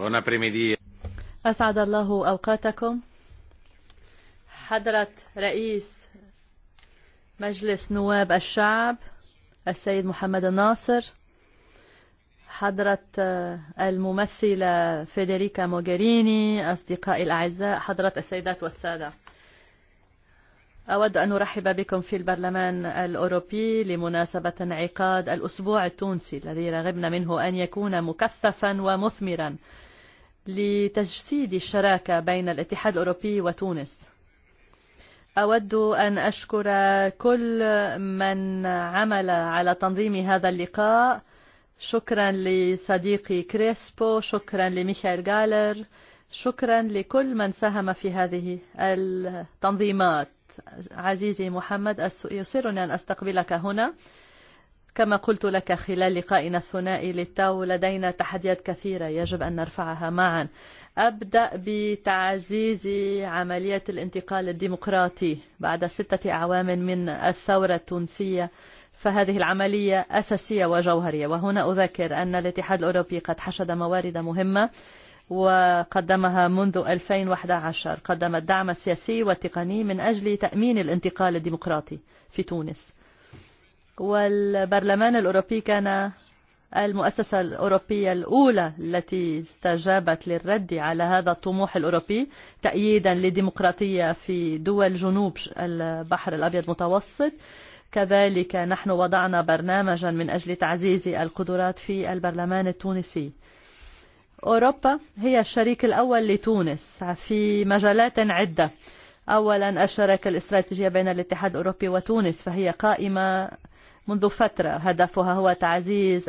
Buon apremedì. أسعد الله أوقاتكم حضرة رئيس مجلس نواب الشعب السيد محمد الناصر حضرة الممثلة فيدريكا aizza أصدقائي الأعزاء حضرة السيدات والسادة أود أن أرحب بكم في البرلمان الأوروبي لمناسبة انعقاد الأسبوع التونسي الذي رغبنا منه أن يكون مكثفا ومثمرا لتجسيد الشراكة بين الاتحاد الأوروبي وتونس أود أن أشكر كل من عمل على تنظيم هذا اللقاء شكرا لصديقي كريسبو شكرا لميخائيل غالر شكرا لكل من ساهم في هذه التنظيمات عزيزي محمد يسرني أن أستقبلك هنا كما قلت لك خلال لقائنا الثنائي للتو لدينا تحديات كثيرة يجب أن نرفعها معا أبدأ بتعزيز عملية الانتقال الديمقراطي بعد ستة أعوام من الثورة التونسية فهذه العملية أساسية وجوهرية وهنا أذكر أن الاتحاد الأوروبي قد حشد موارد مهمة وقدمها منذ 2011 قدم الدعم السياسي والتقني من أجل تأمين الانتقال الديمقراطي في تونس والبرلمان الأوروبي كان المؤسسة الأوروبية الأولى التي استجابت للرد على هذا الطموح الأوروبي تأييدا لديمقراطية في دول جنوب البحر الأبيض المتوسط كذلك نحن وضعنا برنامجا من أجل تعزيز القدرات في البرلمان التونسي أوروبا هي الشريك الأول لتونس في مجالات عدة أولا الشراكة الاستراتيجية بين الاتحاد الأوروبي وتونس فهي قائمة منذ فترة هدفها هو تعزيز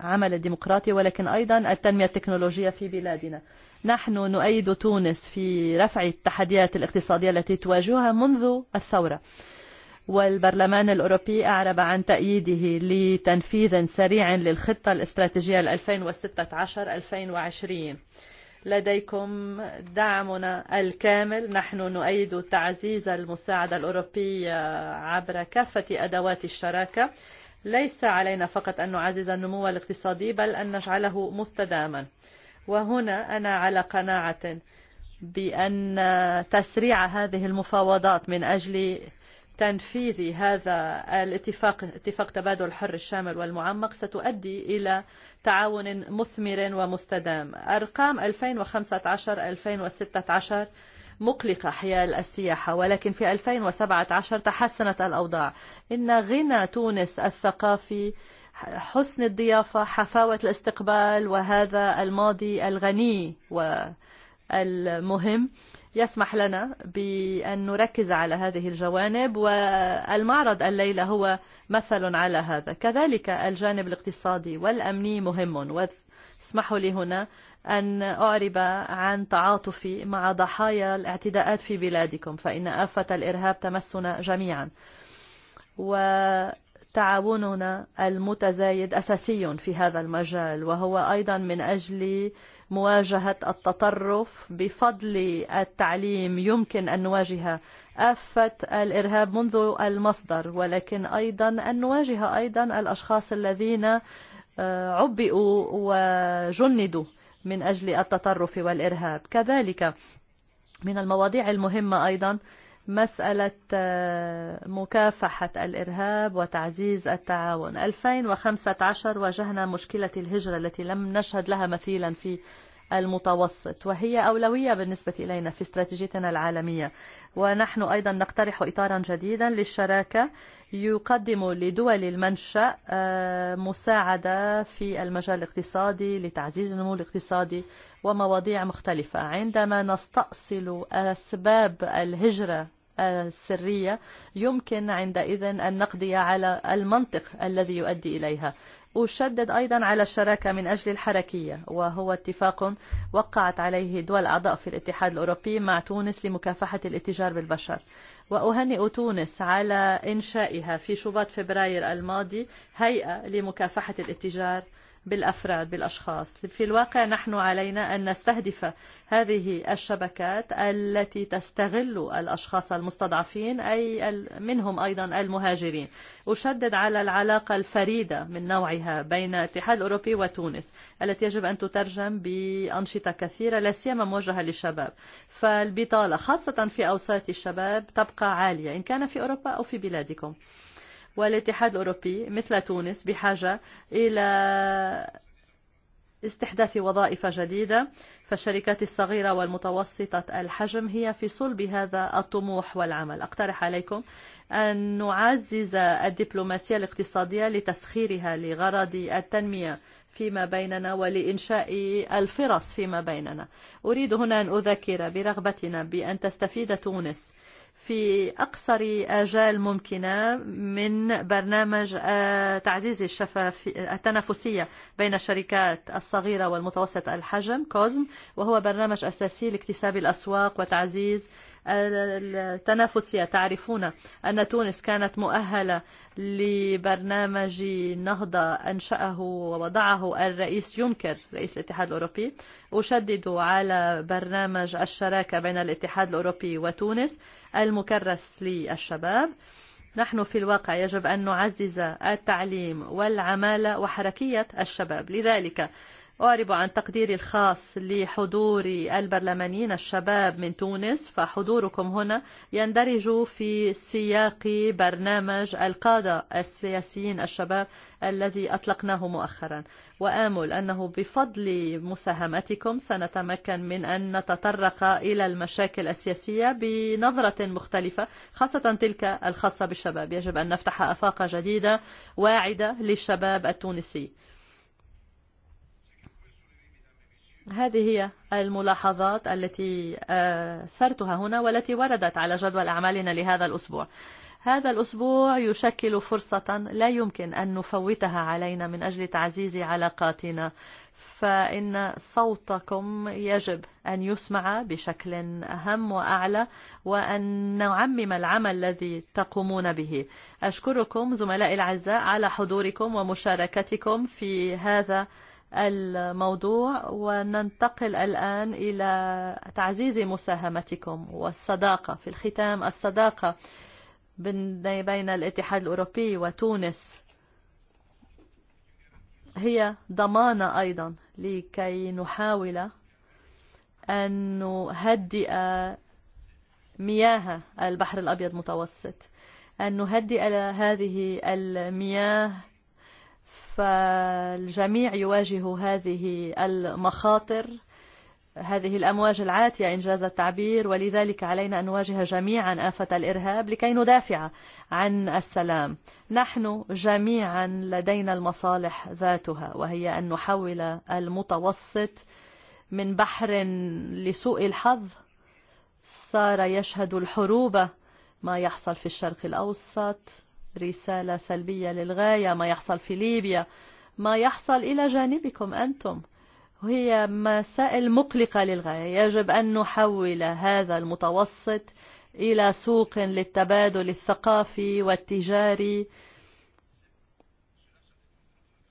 عمل الديمقراطية ولكن أيضا التنمية التكنولوجية في بلادنا نحن نؤيد تونس في رفع التحديات الاقتصادية التي تواجهها منذ الثورة والبرلمان الأوروبي أعرب عن تأييده لتنفيذ سريع للخطة الاستراتيجية 2016-2020 لديكم دعمنا الكامل نحن نؤيد تعزيز المساعدة الأوروبية عبر كافة أدوات الشراكة ليس علينا فقط أن نعزز النمو الاقتصادي بل أن نجعله مستداما وهنا أنا على قناعة بأن تسريع هذه المفاوضات من أجل تنفيذ هذا الاتفاق اتفاق تبادل الحر الشامل والمعمق ستؤدي إلى تعاون مثمر ومستدام أرقام 2015-2016 مقلقة حيال السياحة ولكن في 2017 تحسنت الأوضاع إن غنى تونس الثقافي حسن الضيافة حفاوة الاستقبال وهذا الماضي الغني والمهم يسمح لنا بأن نركز على هذه الجوانب والمعرض الليلة هو مثل على هذا كذلك الجانب الاقتصادي والأمني مهم واسمحوا لي هنا أن أعرب عن تعاطفي مع ضحايا الاعتداءات في بلادكم فإن آفة الإرهاب تمسنا جميعا و تعاوننا المتزايد أساسي في هذا المجال وهو أيضا من أجل مواجهة التطرف بفضل التعليم يمكن أن نواجه آفة الإرهاب منذ المصدر ولكن أيضا أن نواجه أيضا الأشخاص الذين عبئوا وجندوا من أجل التطرف والإرهاب كذلك من المواضيع المهمة أيضا مسألة مكافحة الإرهاب وتعزيز التعاون 2015 واجهنا مشكلة الهجرة التي لم نشهد لها مثيلا في المتوسط وهي أولوية بالنسبة إلينا في استراتيجيتنا العالمية ونحن أيضا نقترح إطارا جديدا للشراكة يقدم لدول المنشأ مساعدة في المجال الاقتصادي لتعزيز النمو الاقتصادي ومواضيع مختلفة عندما نستأصل أسباب الهجرة السرية يمكن عندئذ أن نقضي على المنطق الذي يؤدي إليها أشدد أيضا على الشراكة من أجل الحركية وهو اتفاق وقعت عليه دول أعضاء في الاتحاد الأوروبي مع تونس لمكافحة الاتجار بالبشر وأهنئ تونس على إنشائها في شباط فبراير الماضي هيئة لمكافحة الاتجار بالأفراد بالأشخاص في الواقع نحن علينا أن نستهدف هذه الشبكات التي تستغل الأشخاص المستضعفين أي منهم أيضا المهاجرين أشدد على العلاقة الفريدة من نوعها بين الاتحاد الأوروبي وتونس التي يجب أن تترجم بأنشطة كثيرة لا سيما موجهة للشباب فالبطالة خاصة في أوساط الشباب تبقى عالية إن كان في أوروبا أو في بلادكم والاتحاد الأوروبي مثل تونس بحاجة إلى استحداث وظائف جديدة فالشركات الصغيرة والمتوسطة الحجم هي في صلب هذا الطموح والعمل أقترح عليكم أن نعزز الدبلوماسية الاقتصادية لتسخيرها لغرض التنمية فيما بيننا ولإنشاء الفرص فيما بيننا أريد هنا أن أذكر برغبتنا بأن تستفيد تونس في أقصر أجال ممكنة من برنامج تعزيز الشفاف التنافسية بين الشركات الصغيرة والمتوسط الحجم كوزم وهو برنامج أساسي لاكتساب الأسواق وتعزيز التنافسية تعرفون أن تونس كانت مؤهلة لبرنامج نهضة أنشأه ووضعه الرئيس يونكر رئيس الاتحاد الأوروبي أشدد على برنامج الشراكة بين الاتحاد الأوروبي وتونس المكرس للشباب نحن في الواقع يجب أن نعزز التعليم والعمالة وحركية الشباب لذلك أعرب عن تقديري الخاص لحضور البرلمانيين الشباب من تونس فحضوركم هنا يندرج في سياق برنامج القادة السياسيين الشباب الذي أطلقناه مؤخرا وآمل أنه بفضل مساهمتكم سنتمكن من أن نتطرق إلى المشاكل السياسية بنظرة مختلفة خاصة تلك الخاصة بالشباب يجب أن نفتح أفاق جديدة واعدة للشباب التونسي هذه هي الملاحظات التي ثرتها هنا والتي وردت على جدول أعمالنا لهذا الأسبوع هذا الأسبوع يشكل فرصة لا يمكن أن نفوتها علينا من أجل تعزيز علاقاتنا فإن صوتكم يجب أن يسمع بشكل أهم وأعلى وأن نعمم العمل الذي تقومون به أشكركم زملائي الأعزاء على حضوركم ومشاركتكم في هذا الموضوع وننتقل الآن إلى تعزيز مساهمتكم والصداقة في الختام الصداقة بين الاتحاد الأوروبي وتونس هي ضمانة أيضا لكي نحاول أن نهدئ مياه البحر الأبيض المتوسط أن نهدئ هذه المياه فالجميع يواجه هذه المخاطر هذه الأمواج العاتية إنجاز التعبير ولذلك علينا أن نواجه جميعا آفة الإرهاب لكي ندافع عن السلام نحن جميعا لدينا المصالح ذاتها وهي أن نحول المتوسط من بحر لسوء الحظ صار يشهد الحروب ما يحصل في الشرق الأوسط رسالة سلبية للغاية ما يحصل في ليبيا ما يحصل إلى جانبكم أنتم هي مسائل مقلقة للغاية يجب أن نحول هذا المتوسط إلى سوق للتبادل الثقافي والتجاري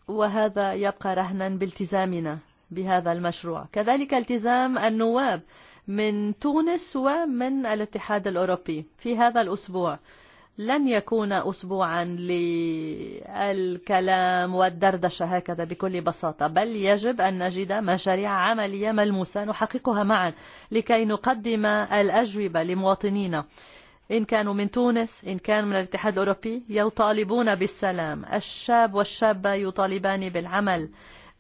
وهذا يبقى رهنا بالتزامنا بهذا المشروع كذلك التزام النواب من تونس ومن الاتحاد الأوروبي في هذا الأسبوع لن يكون أسبوعا للكلام والدردشة هكذا بكل بساطة بل يجب أن نجد مشاريع عملية ملموسة نحققها معا لكي نقدم الأجوبة لمواطنينا إن كانوا من تونس إن كانوا من الاتحاد الأوروبي يطالبون بالسلام الشاب والشابة يطالبان بالعمل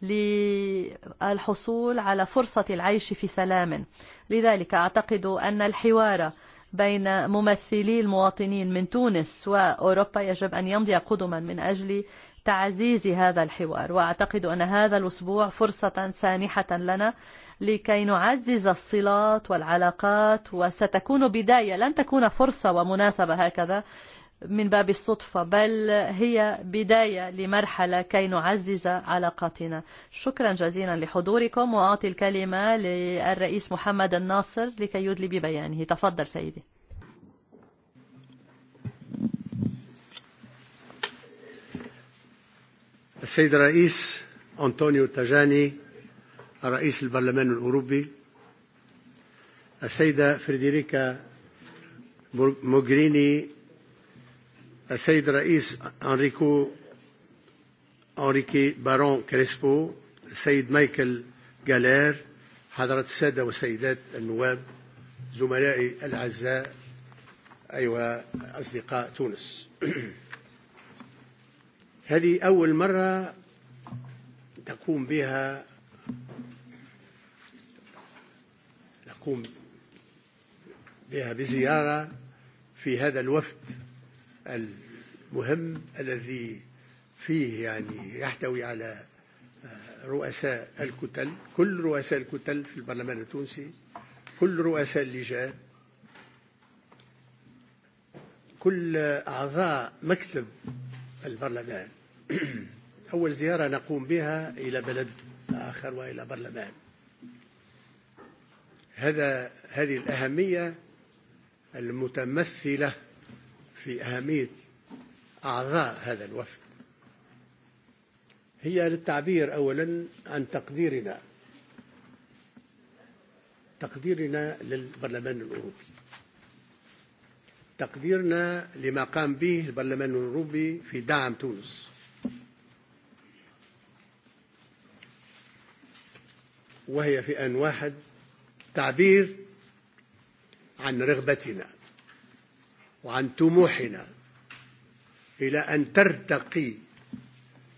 للحصول على فرصة العيش في سلام لذلك أعتقد أن الحوار بين ممثلي المواطنين من تونس وأوروبا يجب أن يمضي قدما من أجل تعزيز هذا الحوار وأعتقد أن هذا الأسبوع فرصة سانحة لنا لكي نعزز الصلات والعلاقات وستكون بداية لن تكون فرصة ومناسبة هكذا من باب الصدفة بل هي بداية لمرحلة كي نعزز علاقاتنا شكرا جزيلا لحضوركم وأعطي الكلمة للرئيس محمد الناصر لكي يدلي ببيانه تفضل سيدي السيد الرئيس أنطونيو تاجاني الرئيس البرلمان الأوروبي السيدة فريدريكا موغريني السيد الرئيس أنريكو أنريكي بارون كريسبو السيد مايكل جالير حضرة السادة والسيدات النواب زملائي الأعزاء أيها أصدقاء تونس هذه أول مرة تقوم بها نقوم بها بزيارة في هذا الوفد المهم الذي فيه يعني يحتوي على رؤساء الكتل كل رؤساء الكتل في البرلمان التونسي كل رؤساء اللجان كل أعضاء مكتب البرلمان أول زيارة نقوم بها إلى بلد آخر وإلى برلمان هذا هذه الأهمية المتمثلة في أهمية أعضاء هذا الوفد هي للتعبير أولا عن تقديرنا تقديرنا للبرلمان الأوروبي تقديرنا لما قام به البرلمان الأوروبي في دعم تونس وهي في أن واحد تعبير عن رغبتنا وعن طموحنا إلى أن ترتقي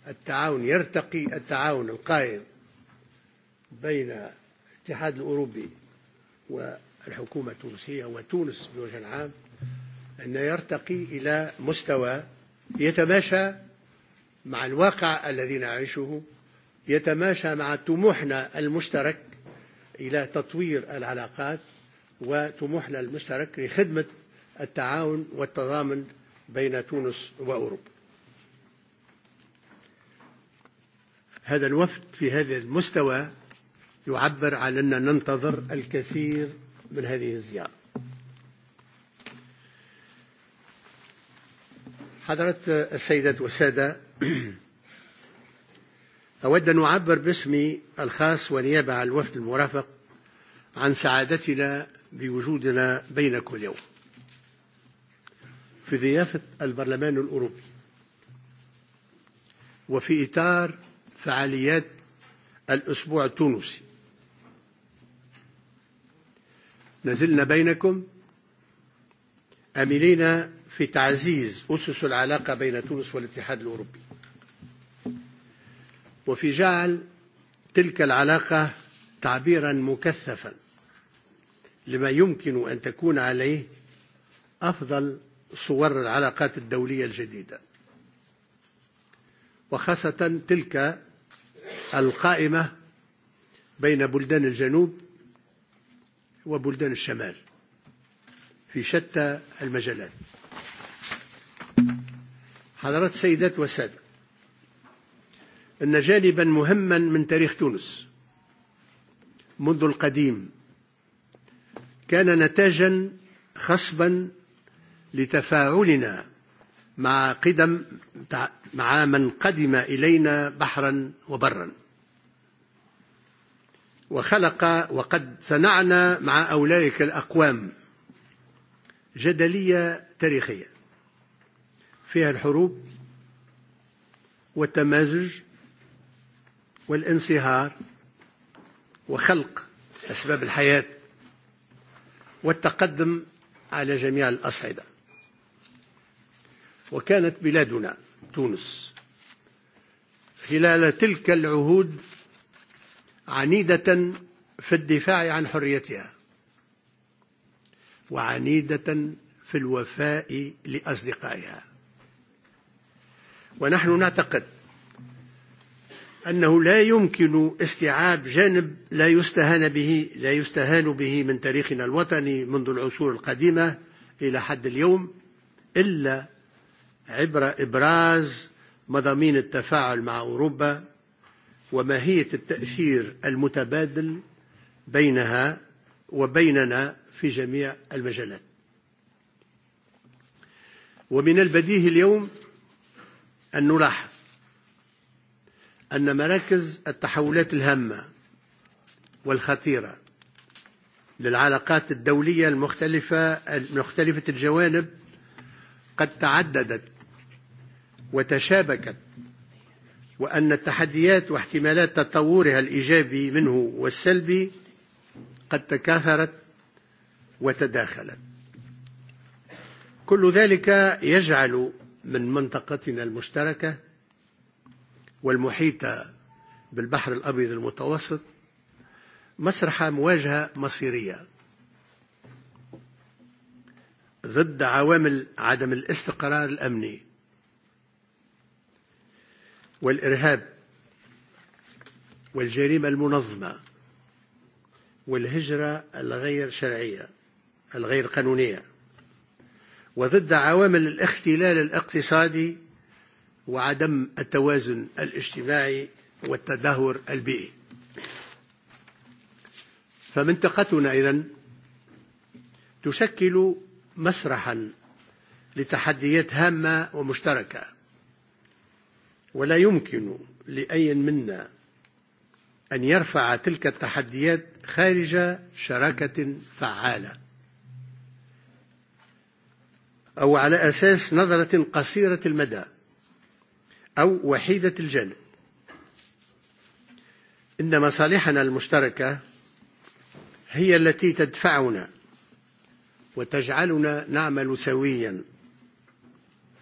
التعاون يرتقي التعاون القائم بين الاتحاد الأوروبي والحكومة التونسية وتونس بوجه عام أن يرتقي إلى مستوى يتماشى مع الواقع الذي نعيشه يتماشى مع طموحنا المشترك إلى تطوير العلاقات وطموحنا المشترك لخدمة التعاون والتضامن بين تونس وأوروبا هذا الوفد في هذا المستوى يعبر على أننا ننتظر الكثير من هذه الزيارة حضرت السيدة والسادة أود أن أعبر باسمي الخاص ونيابة على الوفد المرافق عن سعادتنا بوجودنا بينكم اليوم في بضيافة البرلمان الأوروبي وفي إطار فعاليات الأسبوع التونسي نزلنا بينكم أملينا في تعزيز أسس العلاقة بين تونس والاتحاد الأوروبي وفي جعل تلك العلاقة تعبيرا مكثفا لما يمكن أن تكون عليه أفضل صور العلاقات الدولية الجديدة وخاصة تلك القائمة بين بلدان الجنوب وبلدان الشمال في شتى المجالات حضرات سيدات وسادة أن جانبا مهما من تاريخ تونس منذ القديم كان نتاجا خصبا لتفاعلنا مع, قدم مع من قدم إلينا بحرا وبرا وخلق وقد صنعنا مع أولئك الأقوام جدلية تاريخية فيها الحروب والتمازج والانصهار وخلق أسباب الحياة والتقدم على جميع الأصعدة وكانت بلادنا تونس خلال تلك العهود عنيدة في الدفاع عن حريتها وعنيدة في الوفاء لأصدقائها ونحن نعتقد أنه لا يمكن استيعاب جانب لا يستهان به لا يستهان به من تاريخنا الوطني منذ العصور القديمة إلى حد اليوم إلا عبر إبراز مضامين التفاعل مع أوروبا وماهية التأثير المتبادل بينها وبيننا في جميع المجالات ومن البديهي اليوم أن نلاحظ أن مراكز التحولات الهامة والخطيرة للعلاقات الدولية المختلفة المختلفة الجوانب قد تعددت وتشابكت وأن التحديات واحتمالات تطورها الإيجابي منه والسلبي قد تكاثرت وتداخلت كل ذلك يجعل من منطقتنا المشتركة والمحيطة بالبحر الأبيض المتوسط مسرح مواجهة مصيرية ضد عوامل عدم الاستقرار الأمني والإرهاب والجريمة المنظمة والهجرة الغير شرعية الغير قانونية وضد عوامل الاختلال الاقتصادي وعدم التوازن الاجتماعي والتدهور البيئي فمنطقتنا إذن تشكل مسرحا لتحديات هامة ومشتركة ولا يمكن لأي منا أن يرفع تلك التحديات خارج شراكة فعالة أو على أساس نظرة قصيرة المدى أو وحيدة الجانب إن مصالحنا المشتركة هي التي تدفعنا وتجعلنا نعمل سويا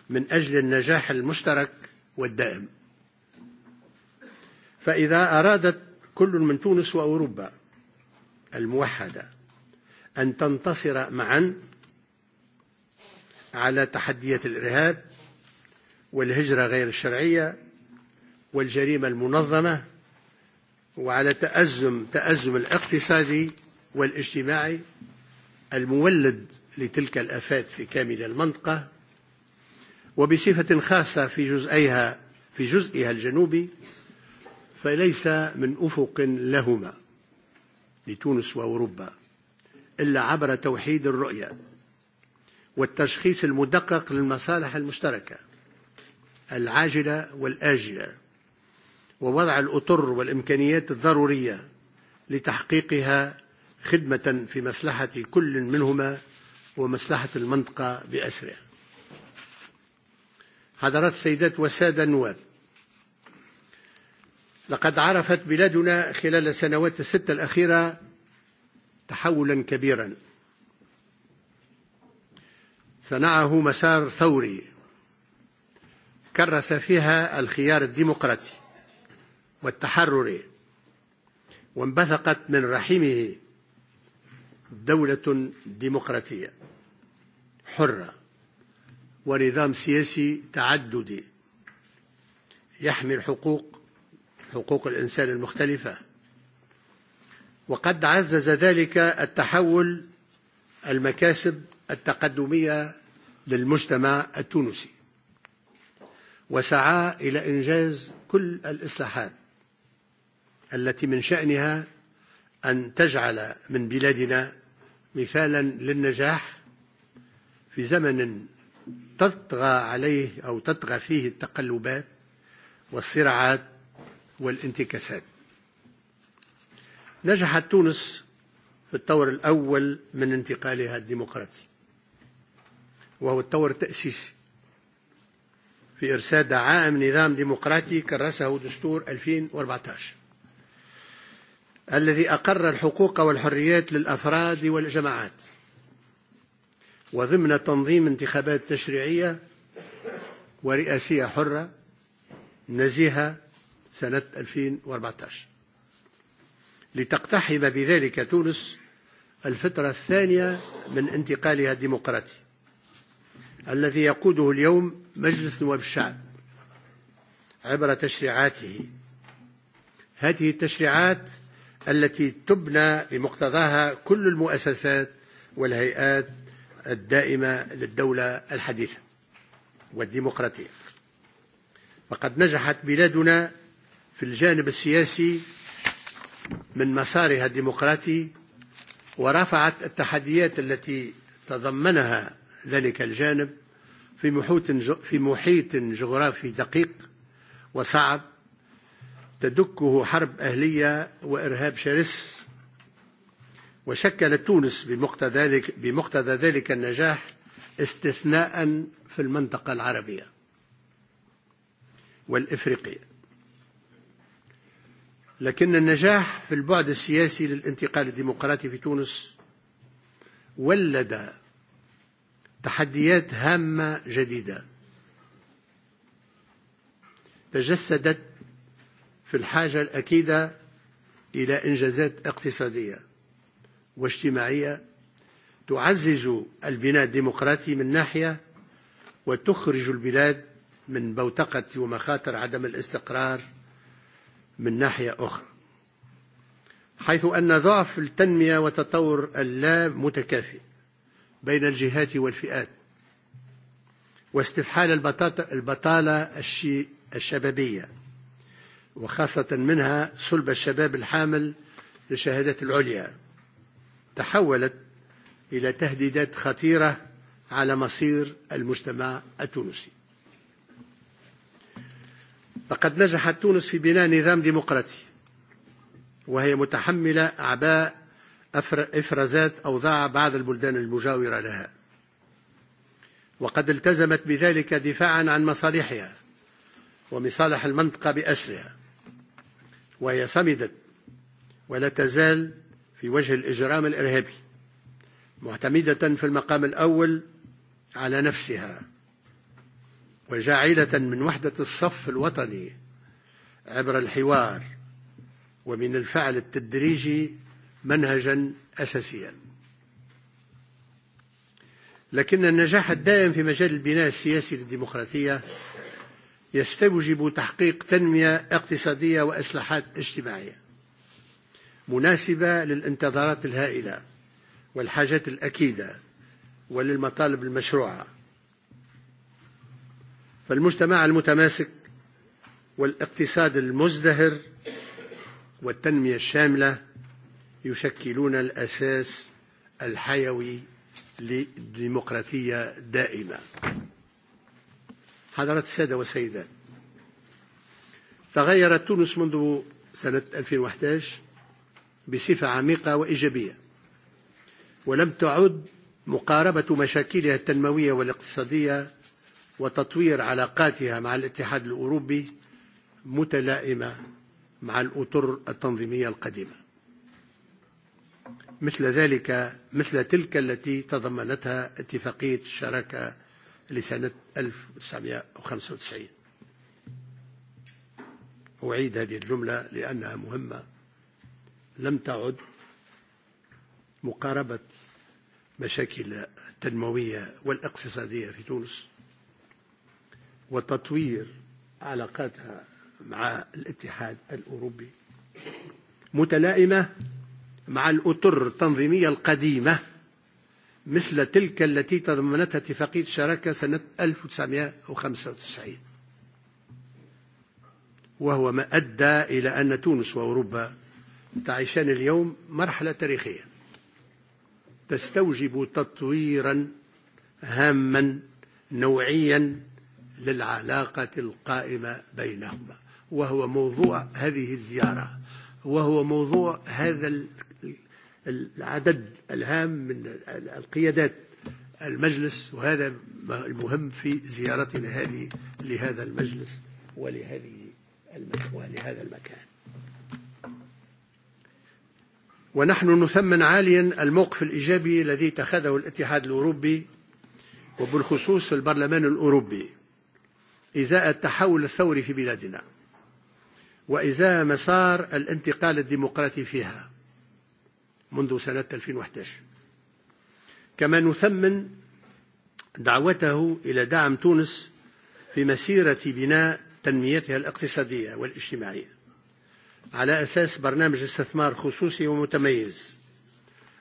من أجل النجاح المشترك والدائم فإذا أرادت كل من تونس وأوروبا الموحدة أن تنتصر معا على تحدية الإرهاب والهجرة غير الشرعية والجريمة المنظمة وعلى تأزم تأزم الاقتصادي والاجتماعي المولد لتلك الآفات في كامل المنطقة وبصفة خاصة في جزئيها في جزئها الجنوبي فليس من أفق لهما لتونس وأوروبا إلا عبر توحيد الرؤية والتشخيص المدقق للمصالح المشتركة العاجلة والآجلة ووضع الأطر والإمكانيات الضرورية لتحقيقها خدمة في مصلحة كل منهما ومصلحة المنطقة بأسرها حضرات سيدات وسادة النواب لقد عرفت بلادنا خلال السنوات الستة الأخيرة تحولا كبيرا صنعه مسار ثوري كرس فيها الخيار الديمقراطي والتحرري وانبثقت من رحمه دولة ديمقراطية حرة ونظام سياسي تعددي يحمي الحقوق حقوق الإنسان المختلفة وقد عزز ذلك التحول المكاسب التقدمية للمجتمع التونسي وسعى إلى إنجاز كل الإصلاحات التي من شأنها أن تجعل من بلادنا مثالا للنجاح في زمن تطغى عليه أو تطغى فيه التقلبات والصراعات والانتكاسات نجحت تونس في الطور الأول من انتقالها الديمقراطي وهو الطور التأسيسي في إرساد دعائم نظام ديمقراطي كرسه دستور 2014 الذي أقر الحقوق والحريات للأفراد والجماعات وضمن تنظيم انتخابات تشريعية ورئاسية حرة نزيهة سنة 2014 لتقتحم بذلك تونس الفترة الثانية من انتقالها الديمقراطي الذي يقوده اليوم مجلس نواب الشعب عبر تشريعاته هذه التشريعات التي تبنى بمقتضاها كل المؤسسات والهيئات الدائمة للدولة الحديثة والديمقراطية فقد نجحت بلادنا في الجانب السياسي من مسارها الديمقراطي ورفعت التحديات التي تضمنها ذلك الجانب في محيط في محيط جغرافي دقيق وصعب تدكه حرب أهلية وإرهاب شرس وشكلت تونس بمقتضى ذلك, بمقتضى ذلك النجاح استثناء في المنطقة العربية والإفريقية لكن النجاح في البعد السياسي للانتقال الديمقراطي في تونس ولد تحديات هامة جديدة تجسدت في الحاجة الأكيدة إلى إنجازات اقتصادية واجتماعية تعزز البناء الديمقراطي من ناحية وتخرج البلاد من بوتقة ومخاطر عدم الاستقرار من ناحية أخرى حيث أن ضعف التنمية وتطور اللا متكافئ بين الجهات والفئات واستفحال البطالة الشبابية وخاصة منها صلب الشباب الحامل للشهادات العليا تحولت إلى تهديدات خطيرة على مصير المجتمع التونسي لقد نجحت تونس في بناء نظام ديمقراطي وهي متحملة أعباء إفرازات أوضاع بعض البلدان المجاورة لها وقد التزمت بذلك دفاعا عن مصالحها ومصالح المنطقة بأسرها وهي صمدت ولا تزال في وجه الإجرام الإرهابي معتمدة في المقام الأول على نفسها وجاعلة من وحدة الصف الوطني عبر الحوار ومن الفعل التدريجي منهجا أساسيا لكن النجاح الدائم في مجال البناء السياسي للديمقراطية يستوجب تحقيق تنمية اقتصادية وإصلاحات اجتماعية مناسبة للانتظارات الهائلة والحاجات الأكيدة وللمطالب المشروعة فالمجتمع المتماسك والاقتصاد المزدهر والتنمية الشاملة يشكلون الأساس الحيوي لديمقراطية دائمة حضرات السادة والسيدات تغيرت تونس منذ سنة 2011 بصفة عميقة وإيجابية ولم تعد مقاربة مشاكلها التنموية والاقتصادية وتطوير علاقاتها مع الاتحاد الأوروبي متلائمة مع الأطر التنظيمية القديمة مثل ذلك مثل تلك التي تضمنتها اتفاقية الشراكة لسنة 1995 أعيد هذه الجملة لأنها مهمة لم تعد مقاربة مشاكل التنموية والاقتصادية في تونس وتطوير علاقاتها مع الاتحاد الأوروبي متلائمة مع الأطر التنظيمية القديمة مثل تلك التي تضمنتها اتفاقية الشراكة سنة 1995 وهو ما أدى إلى أن تونس وأوروبا تعيشان اليوم مرحلة تاريخية تستوجب تطويرا هاما نوعيا للعلاقة القائمة بينهما وهو موضوع هذه الزيارة وهو موضوع هذا العدد الهام من القيادات المجلس وهذا المهم في زيارتنا هذه لهذا المجلس ولهذه ولهذا المكان ونحن نثمن عاليا الموقف الإيجابي الذي اتخذه الاتحاد الأوروبي وبالخصوص البرلمان الأوروبي إزاء التحول الثوري في بلادنا وإزاء مسار الانتقال الديمقراطي فيها منذ سنة 2011 كما نثمن دعوته إلى دعم تونس في مسيرة بناء تنميتها الاقتصادية والاجتماعية على أساس برنامج استثمار خصوصي ومتميز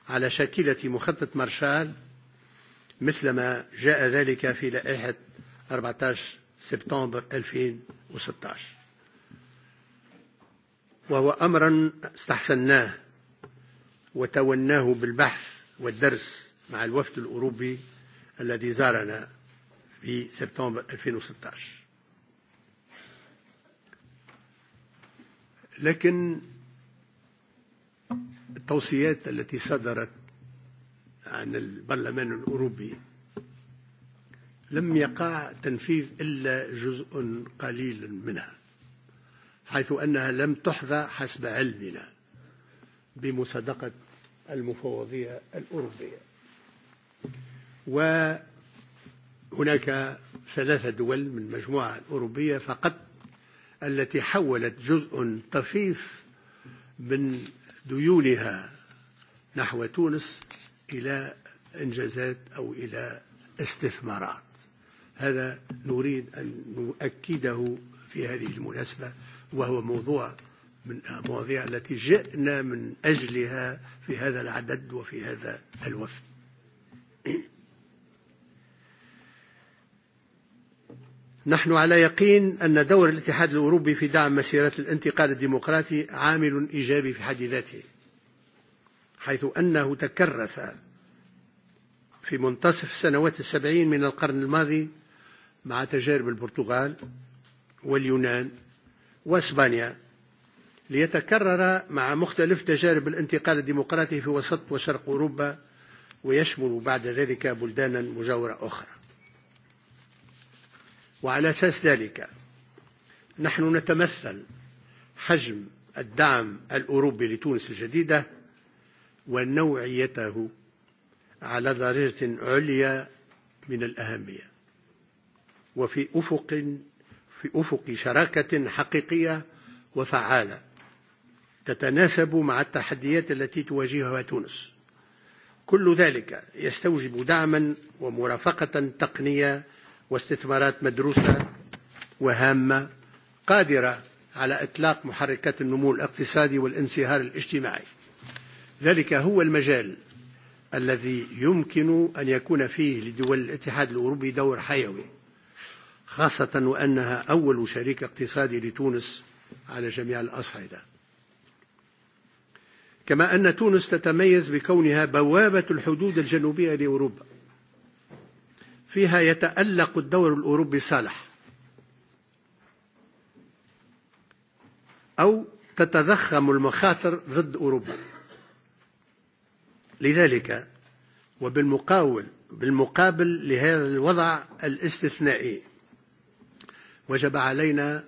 على شكلة مخطط مارشال مثلما جاء ذلك في لائحة 14 سبتمبر 2016 وهو أمرا استحسناه وتوناه بالبحث والدرس مع الوفد الأوروبي الذي زارنا في سبتمبر 2016 لكن التوصيات التي صدرت عن البرلمان الأوروبي لم يقع تنفيذ إلا جزء قليل منها حيث أنها لم تحظى حسب علمنا بمصادقة المفوضية الأوروبية وهناك ثلاثة دول من مجموعة أوروبية فقط التي حولت جزء طفيف من ديونها نحو تونس إلى إنجازات أو إلى استثمارات هذا نريد أن نؤكده في هذه المناسبة وهو موضوع من المواضيع التي جئنا من أجلها في هذا العدد وفي هذا الوفد نحن على يقين أن دور الاتحاد الأوروبي في دعم مسيرة الانتقال الديمقراطي عامل إيجابي في حد ذاته حيث أنه تكرس في منتصف سنوات السبعين من القرن الماضي مع تجارب البرتغال واليونان واسبانيا ليتكرر مع مختلف تجارب الانتقال الديمقراطي في وسط وشرق أوروبا ويشمل بعد ذلك بلدانا مجاورة أخرى وعلى أساس ذلك نحن نتمثل حجم الدعم الأوروبي لتونس الجديدة ونوعيته على درجة عليا من الأهمية وفي أفق في أفق شراكة حقيقية وفعالة تتناسب مع التحديات التي تواجهها تونس كل ذلك يستوجب دعما ومرافقة تقنية واستثمارات مدروسة وهامة قادرة على إطلاق محركات النمو الاقتصادي والانسهار الاجتماعي ذلك هو المجال الذي يمكن أن يكون فيه لدول الاتحاد الأوروبي دور حيوي خاصة وأنها أول شريك اقتصادي لتونس على جميع الأصعدة كما أن تونس تتميز بكونها بوابة الحدود الجنوبية لأوروبا فيها يتألق الدور الأوروبي صالح أو تتضخم المخاطر ضد أوروبا لذلك وبالمقاول بالمقابل لهذا الوضع الاستثنائي وجب علينا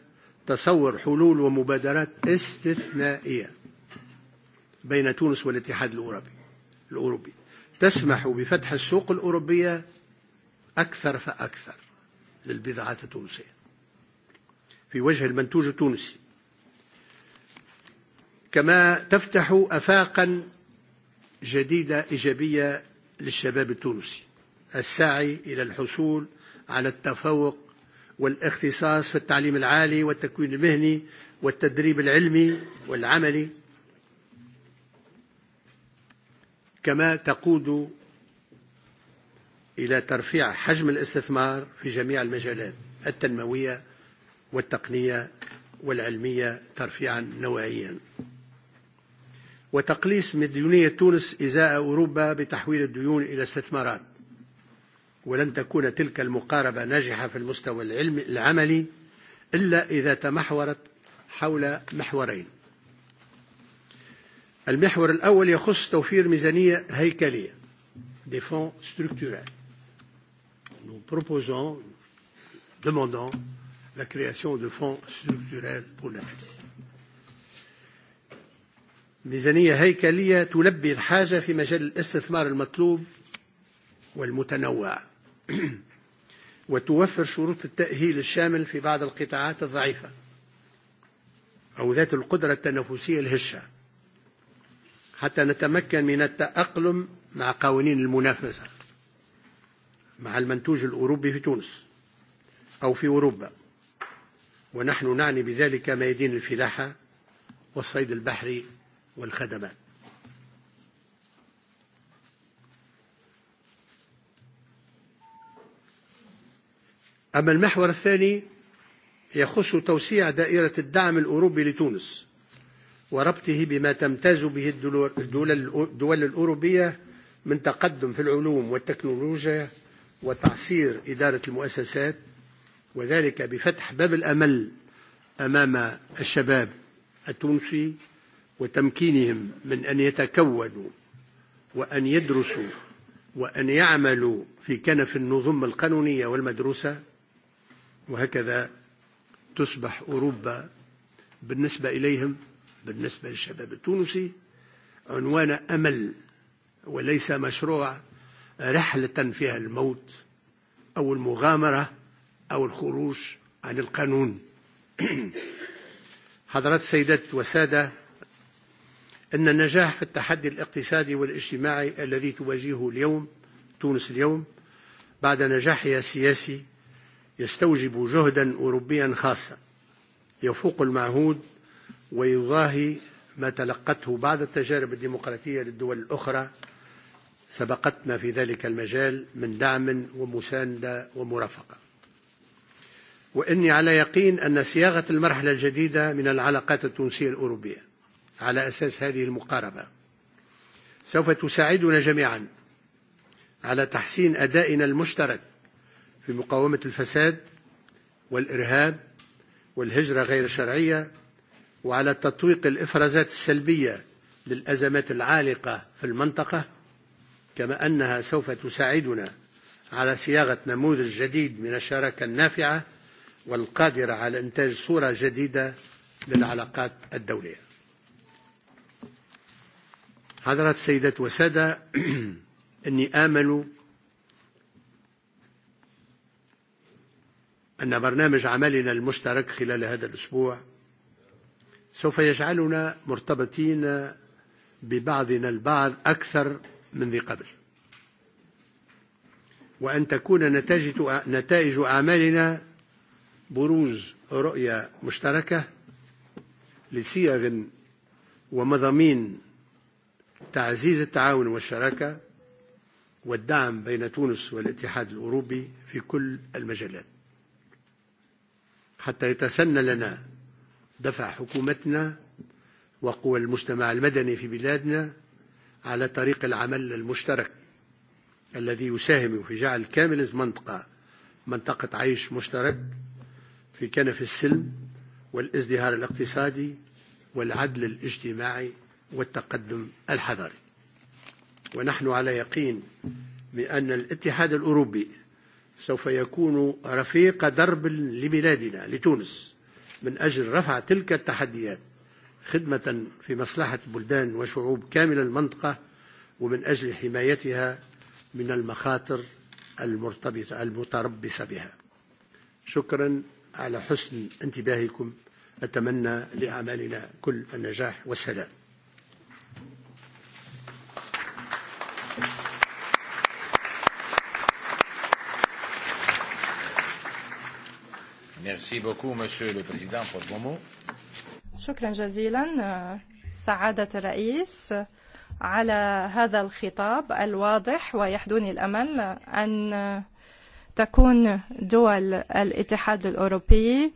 تصور حلول ومبادرات استثنائية بين تونس والاتحاد الأوروبي الأوروبي تسمح بفتح السوق الأوروبية أكثر فأكثر للبضاعة التونسية في وجه المنتوج التونسي كما تفتح أفاقا جديدة إيجابية للشباب التونسي الساعي إلى الحصول على التفوق والاختصاص في التعليم العالي والتكوين المهني والتدريب العلمي والعملي كما تقود إلى ترفيع حجم الاستثمار في جميع المجالات التنموية والتقنية والعلمية ترفيعا نوعيا وتقليص مديونية تونس إزاء أوروبا بتحويل الديون إلى استثمارات ولن تكون تلك المقاربة ناجحة في المستوى العلمي العملي إلا إذا تمحورت حول محورين المحور الأول يخص توفير ميزانية هيكلية دي فون structurels nous proposons, demandons la création de fonds structurels pour la l'Afrique. ميزانية هيكلية تلبي الحاجة في مجال الاستثمار المطلوب والمتنوع وتوفر شروط التأهيل الشامل في بعض القطاعات الضعيفة أو ذات القدرة التنفسية الهشة حتى نتمكن من التأقلم مع قوانين المنافسة مع المنتوج الأوروبي في تونس أو في أوروبا ونحن نعني بذلك ميادين الفلاحة والصيد البحري والخدمات أما المحور الثاني يخص توسيع دائرة الدعم الأوروبي لتونس وربطه بما تمتاز به الدول الأوروبية من تقدم في العلوم والتكنولوجيا وتعصير إدارة المؤسسات وذلك بفتح باب الأمل أمام الشباب التونسي وتمكينهم من أن يتكونوا وأن يدرسوا وأن يعملوا في كنف النظم القانونية والمدروسة وهكذا تصبح أوروبا بالنسبة إليهم بالنسبة للشباب التونسي عنوان أمل وليس مشروع رحلة فيها الموت أو المغامرة أو الخروج عن القانون حضرات سيدات وسادة أن النجاح في التحدي الاقتصادي والاجتماعي الذي تواجهه اليوم تونس اليوم بعد نجاحها السياسي يستوجب جهدا أوروبيا خاصة يفوق المعهود ويضاهي ما تلقته بعض التجارب الديمقراطية للدول الأخرى سبقتنا في ذلك المجال من دعم ومساندة ومرافقة وإني على يقين أن سياغة المرحلة الجديدة من العلاقات التونسية الأوروبية على أساس هذه المقاربة سوف تساعدنا جميعا على تحسين أدائنا المشترك في مقاومة الفساد والإرهاب والهجرة غير الشرعية وعلى تطويق الإفرازات السلبية للأزمات العالقة في المنطقة كما أنها سوف تساعدنا على صياغة نموذج جديد من الشراكة النافعة والقادرة على إنتاج صورة جديدة للعلاقات الدولية حضرات السيدات وسادة أني آمل أن برنامج عملنا المشترك خلال هذا الأسبوع سوف يجعلنا مرتبطين ببعضنا البعض أكثر من ذي قبل وأن تكون نتائج أعمالنا بروز رؤية مشتركة لصيغ ومضامين تعزيز التعاون والشراكة والدعم بين تونس والاتحاد الأوروبي في كل المجالات حتى يتسنى لنا دفع حكومتنا وقوى المجتمع المدني في بلادنا على طريق العمل المشترك الذي يساهم في جعل كامل منطقة منطقة عيش مشترك في كنف السلم والازدهار الاقتصادي والعدل الاجتماعي والتقدم الحضري ونحن على يقين بأن الاتحاد الأوروبي سوف يكون رفيق درب لبلادنا لتونس من أجل رفع تلك التحديات خدمة في مصلحة بلدان وشعوب كامل المنطقة ومن أجل حمايتها من المخاطر المرتبطة المتربصة بها شكرا على حسن انتباهكم أتمنى لعملنا كل النجاح والسلام Merci beaucoup, Monsieur le Président, pour vos mots. شكرا جزيلا سعادة الرئيس على هذا الخطاب الواضح ويحدوني الأمل أن تكون دول الاتحاد الأوروبي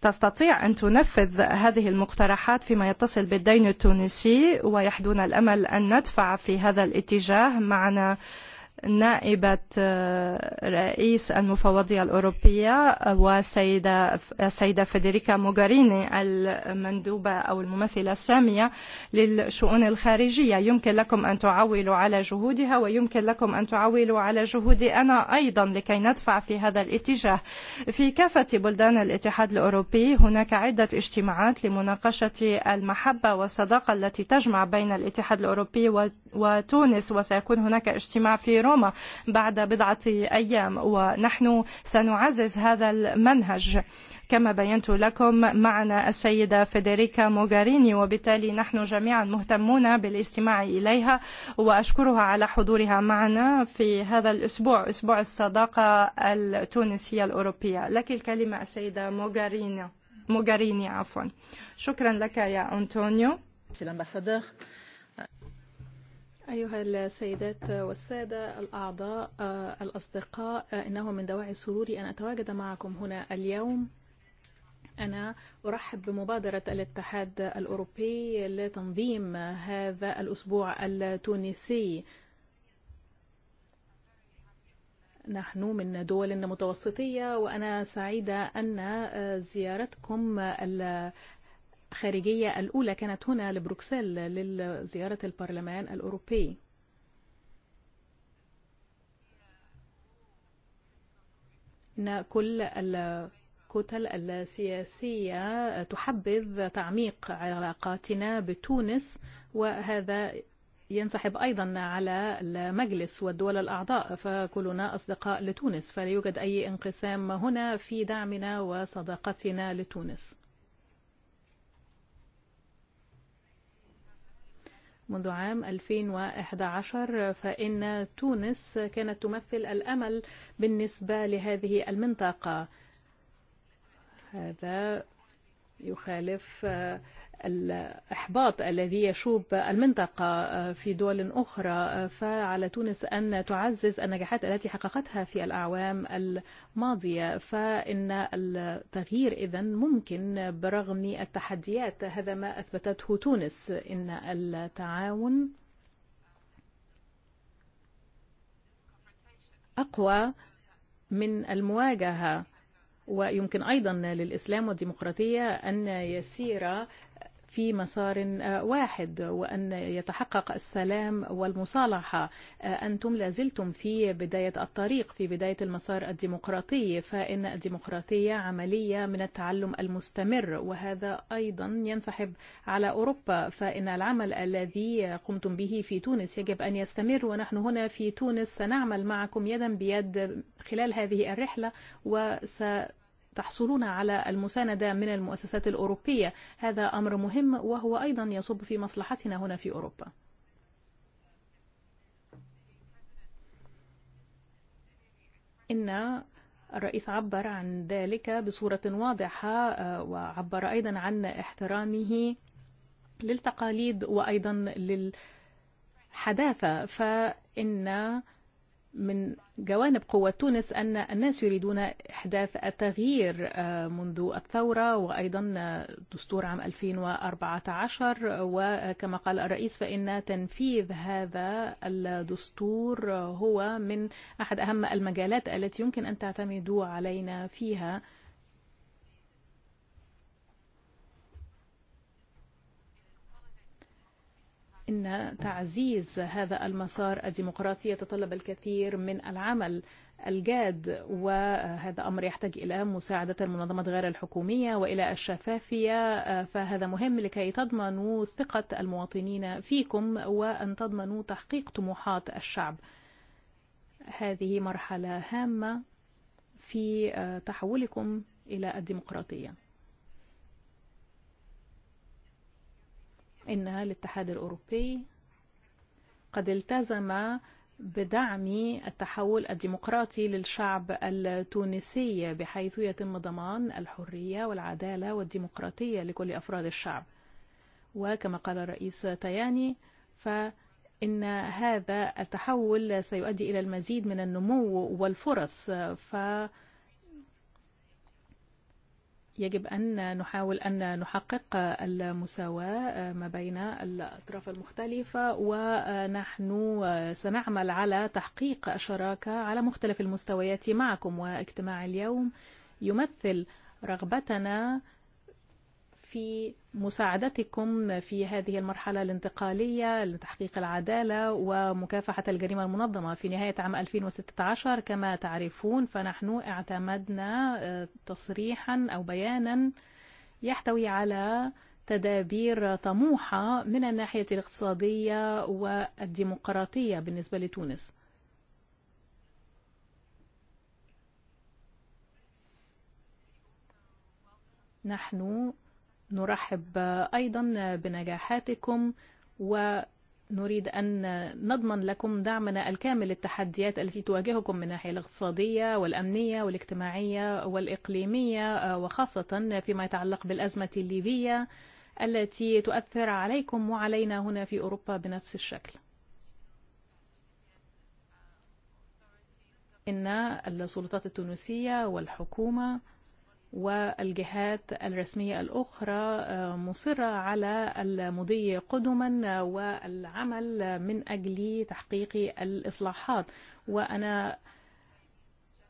تستطيع أن تنفذ هذه المقترحات فيما يتصل بالدين التونسي ويحدون الأمل أن ندفع في هذا الاتجاه معنا نائبة رئيس المفوضية الأوروبية وسيدة السيدة فيدريكا موغاريني المندوبة أو الممثلة السامية للشؤون الخارجية يمكن لكم أن تعولوا على جهودها ويمكن لكم أن تعولوا على جهودي انا أيضا لكي ندفع في هذا الاتجاه في كافة بلدان الاتحاد الأوروبي هناك عدة اجتماعات لمناقشة المحبة والصداقة التي تجمع بين الاتحاد الأوروبي وتونس وسيكون هناك اجتماع في روما روما بعد بضعة أيام ونحن سنعزز هذا المنهج كما بينت لكم معنا السيدة فيدريكا موغاريني وبالتالي نحن جميعا مهتمون بالاستماع إليها وأشكرها على حضورها معنا في هذا الأسبوع أسبوع الصداقة التونسية الأوروبية لك الكلمة السيدة موغاريني موغاريني عفوا شكرا لك يا أنطونيو أيها السيدات والسادة الأعضاء الأصدقاء إنه من دواعي سروري أن أتواجد معكم هنا اليوم أنا أرحب بمبادرة الاتحاد الأوروبي لتنظيم هذا الأسبوع التونسي نحن من دول متوسطية وأنا سعيدة أن زيارتكم خارجية الأولى كانت هنا لبروكسل لزيارة البرلمان الأوروبي إن كل الكتل السياسية تحبذ تعميق علاقاتنا بتونس وهذا ينسحب أيضا على المجلس والدول الأعضاء فكلنا أصدقاء لتونس فلا يوجد أي انقسام هنا في دعمنا وصداقتنا لتونس منذ عام 2011 فإن تونس كانت تمثل الأمل بالنسبة لهذه المنطقة هذا يخالف الإحباط الذي يشوب المنطقة في دول أخرى فعلى تونس أن تعزز النجاحات التي حققتها في الأعوام الماضية فإن التغيير إذن ممكن برغم التحديات هذا ما أثبتته تونس إن التعاون أقوى من المواجهة ويمكن أيضا للإسلام والديمقراطية أن يسير في مسار واحد وأن يتحقق السلام والمصالحة أنتم لازلتم في بداية الطريق في بداية المسار الديمقراطي فإن الديمقراطية عملية من التعلم المستمر وهذا أيضا ينسحب على أوروبا فإن العمل الذي قمتم به في تونس يجب أن يستمر ونحن هنا في تونس سنعمل معكم يدا بيد خلال هذه الرحلة وسنعمل تحصلون على المساندة من المؤسسات الأوروبية هذا أمر مهم وهو أيضا يصب في مصلحتنا هنا في أوروبا إن الرئيس عبر عن ذلك بصورة واضحة وعبر أيضا عن احترامه للتقاليد وأيضا للحداثة فإن من جوانب قوة تونس أن الناس يريدون إحداث التغيير منذ الثورة وأيضا دستور عام 2014 وكما قال الرئيس فإن تنفيذ هذا الدستور هو من أحد أهم المجالات التي يمكن أن تعتمدوا علينا فيها إن تعزيز هذا المسار الديمقراطي يتطلب الكثير من العمل الجاد وهذا أمر يحتاج إلى مساعدة المنظمات غير الحكومية وإلى الشفافية فهذا مهم لكي تضمنوا ثقة المواطنين فيكم وأن تضمنوا تحقيق طموحات الشعب هذه مرحلة هامة في تحولكم إلى الديمقراطية إن الاتحاد الأوروبي قد التزم بدعم التحول الديمقراطي للشعب التونسي بحيث يتم ضمان الحرية والعدالة والديمقراطية لكل أفراد الشعب وكما قال الرئيس تياني فإن هذا التحول سيؤدي إلى المزيد من النمو والفرص فهذا يجب أن نحاول أن نحقق المساواة ما بين الأطراف المختلفة ونحن سنعمل على تحقيق الشراكة على مختلف المستويات معكم واجتماع اليوم يمثل رغبتنا في مساعدتكم في هذه المرحلة الانتقالية لتحقيق العدالة ومكافحة الجريمة المنظمة في نهاية عام 2016 كما تعرفون فنحن اعتمدنا تصريحا أو بيانا يحتوي على تدابير طموحة من الناحية الاقتصادية والديمقراطية بالنسبة لتونس نحن نرحب أيضا بنجاحاتكم ونريد أن نضمن لكم دعمنا الكامل للتحديات التي تواجهكم من ناحية الاقتصادية والأمنية والاجتماعية والإقليمية وخاصة فيما يتعلق بالأزمة الليبية التي تؤثر عليكم وعلينا هنا في أوروبا بنفس الشكل إن السلطات التونسية والحكومة والجهات الرسمية الأخرى مصرة على المضي قدما والعمل من أجل تحقيق الإصلاحات وأنا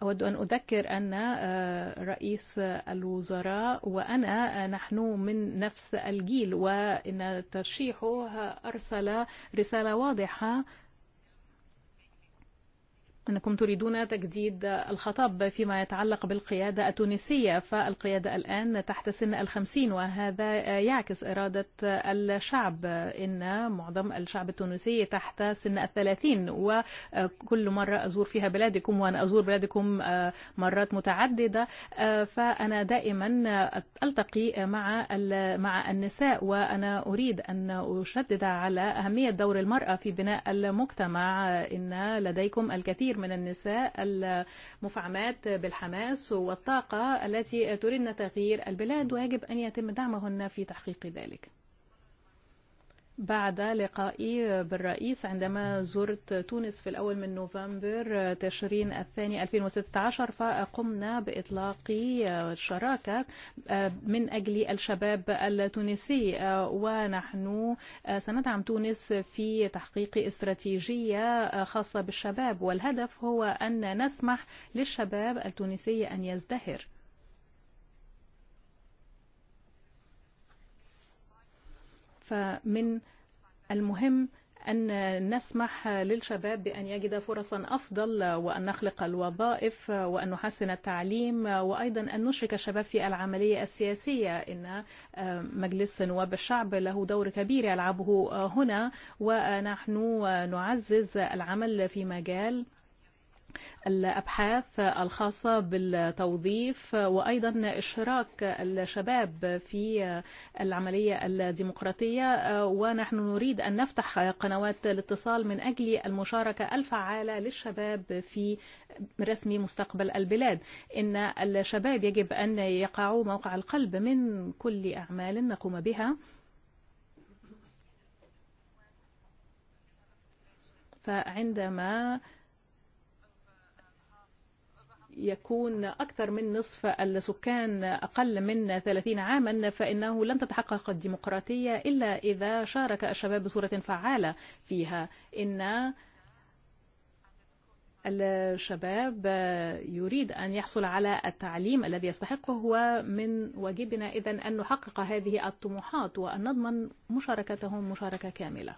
أود أن أذكر أن رئيس الوزراء وأنا نحن من نفس الجيل وإن ترشيحه أرسل رسالة واضحة أنكم تريدون تجديد الخطاب فيما يتعلق بالقيادة التونسية فالقيادة الآن تحت سن الخمسين وهذا يعكس إرادة الشعب إن معظم الشعب التونسي تحت سن الثلاثين وكل مرة أزور فيها بلادكم وأنا أزور بلادكم مرات متعددة فأنا دائما ألتقي مع مع النساء وأنا أريد أن أشدد على أهمية دور المرأة في بناء المجتمع إن لديكم الكثير الكثير من النساء المفعمات بالحماس والطاقة التي تريدن تغيير البلاد ويجب أن يتم دعمهن في تحقيق ذلك بعد لقائي بالرئيس عندما زرت تونس في الأول من نوفمبر تشرين الثاني 2016 فقمنا بإطلاق شراكة من أجل الشباب التونسي ونحن سندعم تونس في تحقيق استراتيجية خاصة بالشباب والهدف هو أن نسمح للشباب التونسي أن يزدهر فمن المهم أن نسمح للشباب بأن يجد فرصا أفضل وأن نخلق الوظائف وأن نحسن التعليم وأيضا أن نشرك الشباب في العملية السياسية إن مجلس نواب الشعب له دور كبير يلعبه هنا ونحن نعزز العمل في مجال الأبحاث الخاصة بالتوظيف وأيضا إشراك الشباب في العملية الديمقراطية ونحن نريد أن نفتح قنوات الاتصال من أجل المشاركة الفعالة للشباب في رسم مستقبل البلاد إن الشباب يجب أن يقعوا موقع القلب من كل أعمال نقوم بها فعندما آه يكون أكثر من نصف السكان أقل من 30 عاما فإنه لن تتحقق الديمقراطية إلا إذا شارك الشباب بصورة فعالة فيها إن الشباب يريد أن يحصل على التعليم الذي يستحقه ومن واجبنا إذن أن نحقق هذه الطموحات وأن نضمن مشاركتهم مشاركة كاملة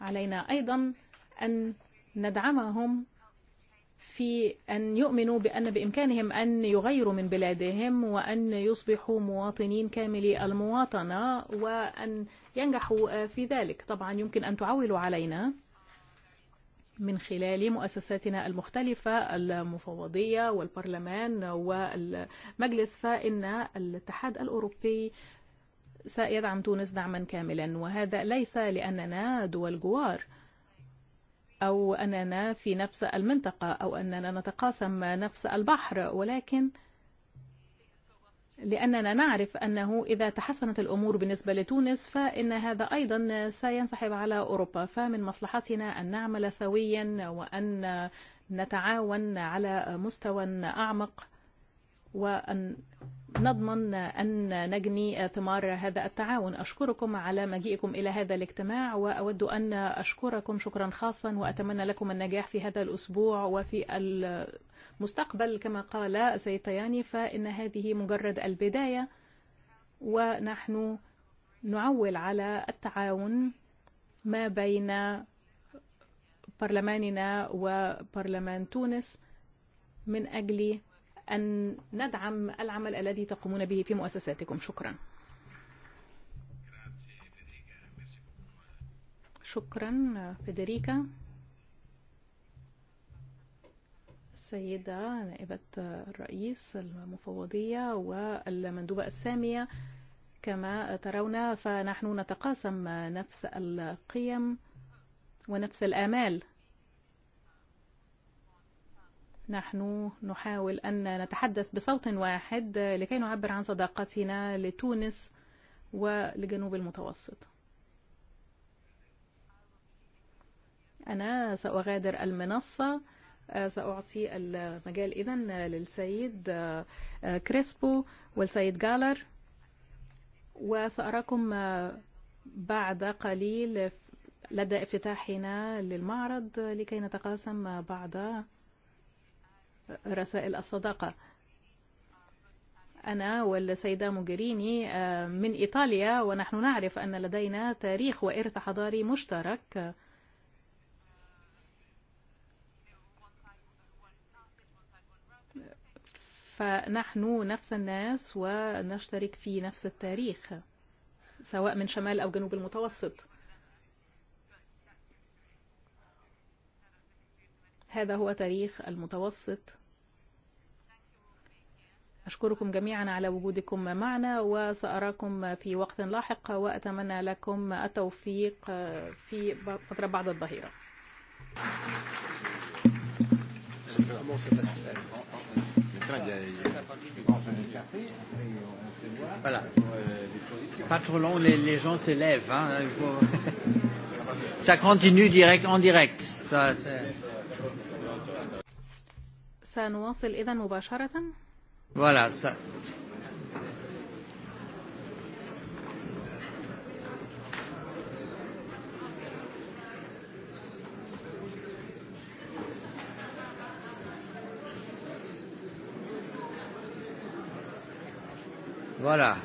علينا أيضا أن ندعمهم في أن يؤمنوا بأن بإمكانهم أن يغيروا من بلادهم وأن يصبحوا مواطنين كاملي المواطنة وأن ينجحوا في ذلك طبعا يمكن أن تعولوا علينا من خلال مؤسساتنا المختلفة المفوضية والبرلمان والمجلس فإن الاتحاد الأوروبي سيدعم تونس دعما كاملا وهذا ليس لأننا دول جوار أو أننا في نفس المنطقة أو أننا نتقاسم نفس البحر ولكن لأننا نعرف أنه إذا تحسنت الأمور بالنسبة لتونس فإن هذا أيضا سينسحب على أوروبا فمن مصلحتنا أن نعمل سويا وأن نتعاون على مستوى أعمق وأن نضمن أن نجني ثمار هذا التعاون أشكركم على مجيئكم إلى هذا الاجتماع وأود أن أشكركم شكرا خاصا وأتمنى لكم النجاح في هذا الأسبوع وفي المستقبل كما قال سيد طياني فإن هذه مجرد البداية ونحن نعول على التعاون ما بين برلماننا وبرلمان تونس من أجل أن ندعم العمل الذي تقومون به في مؤسساتكم شكرا شكرا فيدريكا السيدة نائبة الرئيس المفوضية والمندوبة السامية كما ترون فنحن نتقاسم نفس القيم ونفس الآمال نحن نحاول أن نتحدث بصوت واحد لكي نعبر عن صداقتنا لتونس ولجنوب المتوسط أنا سأغادر المنصة سأعطي المجال إذن للسيد كريسبو والسيد جالر وسأراكم بعد قليل لدى افتتاحنا للمعرض لكي نتقاسم بعض رسائل الصداقة أنا والسيدة موغريني من إيطاليا ونحن نعرف أن لدينا تاريخ وإرث حضاري مشترك فنحن نفس الناس ونشترك في نفس التاريخ سواء من شمال أو جنوب المتوسط هذا هو تاريخ المتوسط أشكركم جميعا على وجودكم معنا وسأراكم في وقت لاحق وأتمنى لكم التوفيق في فترة بعد الظهيرة Voilà. Pas trop long, les, les gens se lèvent. Hein. Ça continue direct en direct. Ça, سنواصل Voilà, ça. Voilà.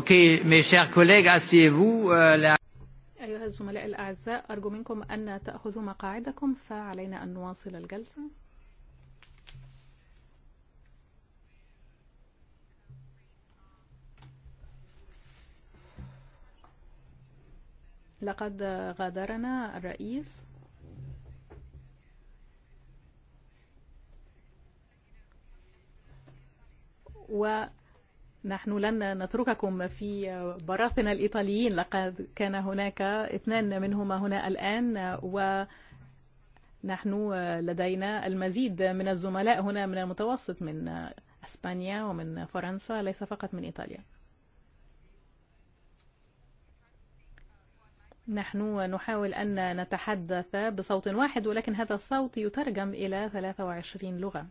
Ok, mes chers collègues, asseyez-vous. Euh, أيها الزملاء الأعزاء أرجو منكم أن تأخذوا مقاعدكم فعلينا أن نواصل الجلسة لقد غادرنا الرئيس و نحن لن نترككم في براثن الإيطاليين لقد كان هناك اثنان منهما هنا الآن ونحن لدينا المزيد من الزملاء هنا من المتوسط من أسبانيا ومن فرنسا ليس فقط من إيطاليا نحن نحاول أن نتحدث بصوت واحد ولكن هذا الصوت يترجم إلى 23 لغة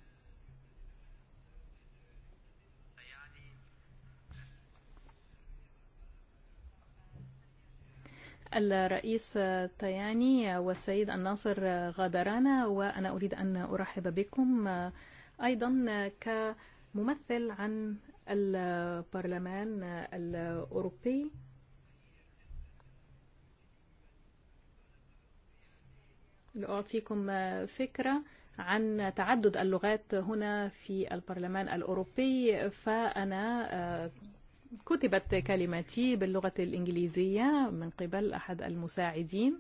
الرئيس تياني والسيد الناصر غادرانا وأنا أريد أن أرحب بكم أيضا كممثل عن البرلمان الأوروبي لأعطيكم فكرة عن تعدد اللغات هنا في البرلمان الأوروبي فأنا كتبت كلمتي باللغة الإنجليزية من قبل أحد المساعدين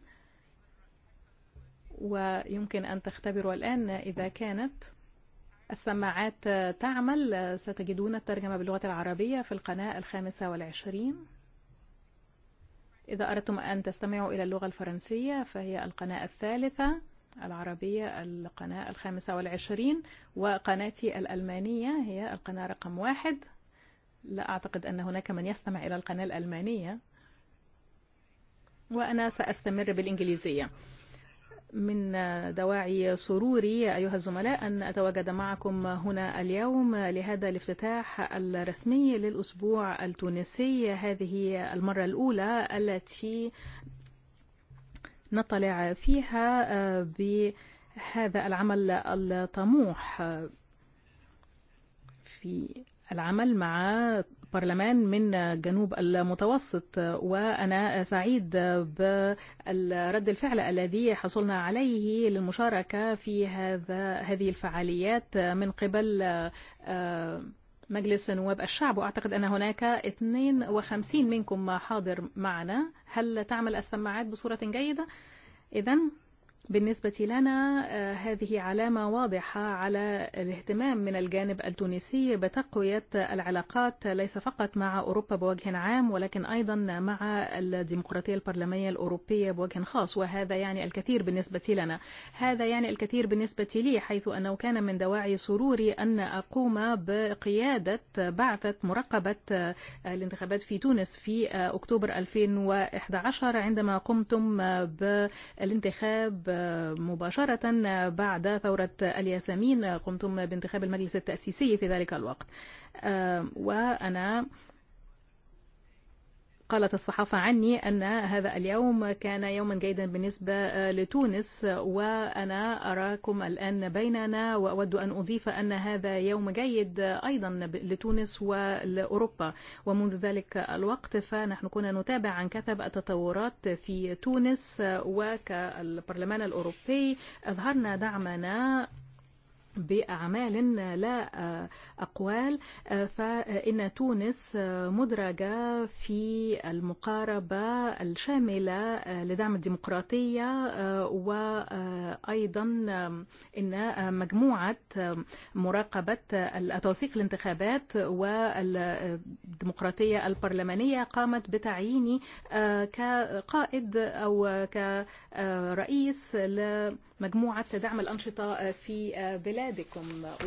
ويمكن أن تختبروا الآن إذا كانت السماعات تعمل ستجدون الترجمة باللغة العربية في القناة الخامسة والعشرين إذا أردتم أن تستمعوا إلى اللغة الفرنسية فهي القناة الثالثة العربية القناة الخامسة والعشرين وقناتي الألمانية هي القناة رقم واحد لا أعتقد أن هناك من يستمع إلى القناة الألمانية وأنا سأستمر بالإنجليزية من دواعي سروري أيها الزملاء أن أتواجد معكم هنا اليوم لهذا الافتتاح الرسمي للأسبوع التونسي هذه المرة الأولى التي نطلع فيها بهذا العمل الطموح في العمل مع برلمان من جنوب المتوسط وأنا سعيد برد الفعل الذي حصلنا عليه للمشاركة في هذا هذه الفعاليات من قبل مجلس نواب الشعب وأعتقد أن هناك 52 منكم حاضر معنا هل تعمل السماعات بصورة جيدة؟ إذن بالنسبة لنا هذه علامة واضحة على الاهتمام من الجانب التونسي بتقوية العلاقات ليس فقط مع أوروبا بوجه عام ولكن أيضا مع الديمقراطية البرلمانية الأوروبية بوجه خاص وهذا يعني الكثير بالنسبة لنا هذا يعني الكثير بالنسبة لي حيث أنه كان من دواعي سروري أن أقوم بقيادة بعثة مرقبة الانتخابات في تونس في أكتوبر 2011 عندما قمتم بالانتخاب مباشرة بعد ثورة الياسمين قمتم بانتخاب المجلس التأسيسي في ذلك الوقت وأنا قالت الصحافة عني أن هذا اليوم كان يوما جيدا بالنسبة لتونس وأنا أراكم الآن بيننا وأود أن أضيف أن هذا يوم جيد أيضا لتونس ولأوروبا ومنذ ذلك الوقت فنحن كنا نتابع عن كثب التطورات في تونس وكالبرلمان الأوروبي أظهرنا دعمنا بأعمال لا أقوال فإن تونس مدرجة في المقاربة الشاملة لدعم الديمقراطية وأيضا إن مجموعة مراقبة التوثيق الانتخابات والديمقراطية البرلمانية قامت بتعييني كقائد أو كرئيس لمجموعة دعم الأنشطة في بلاد بلادكم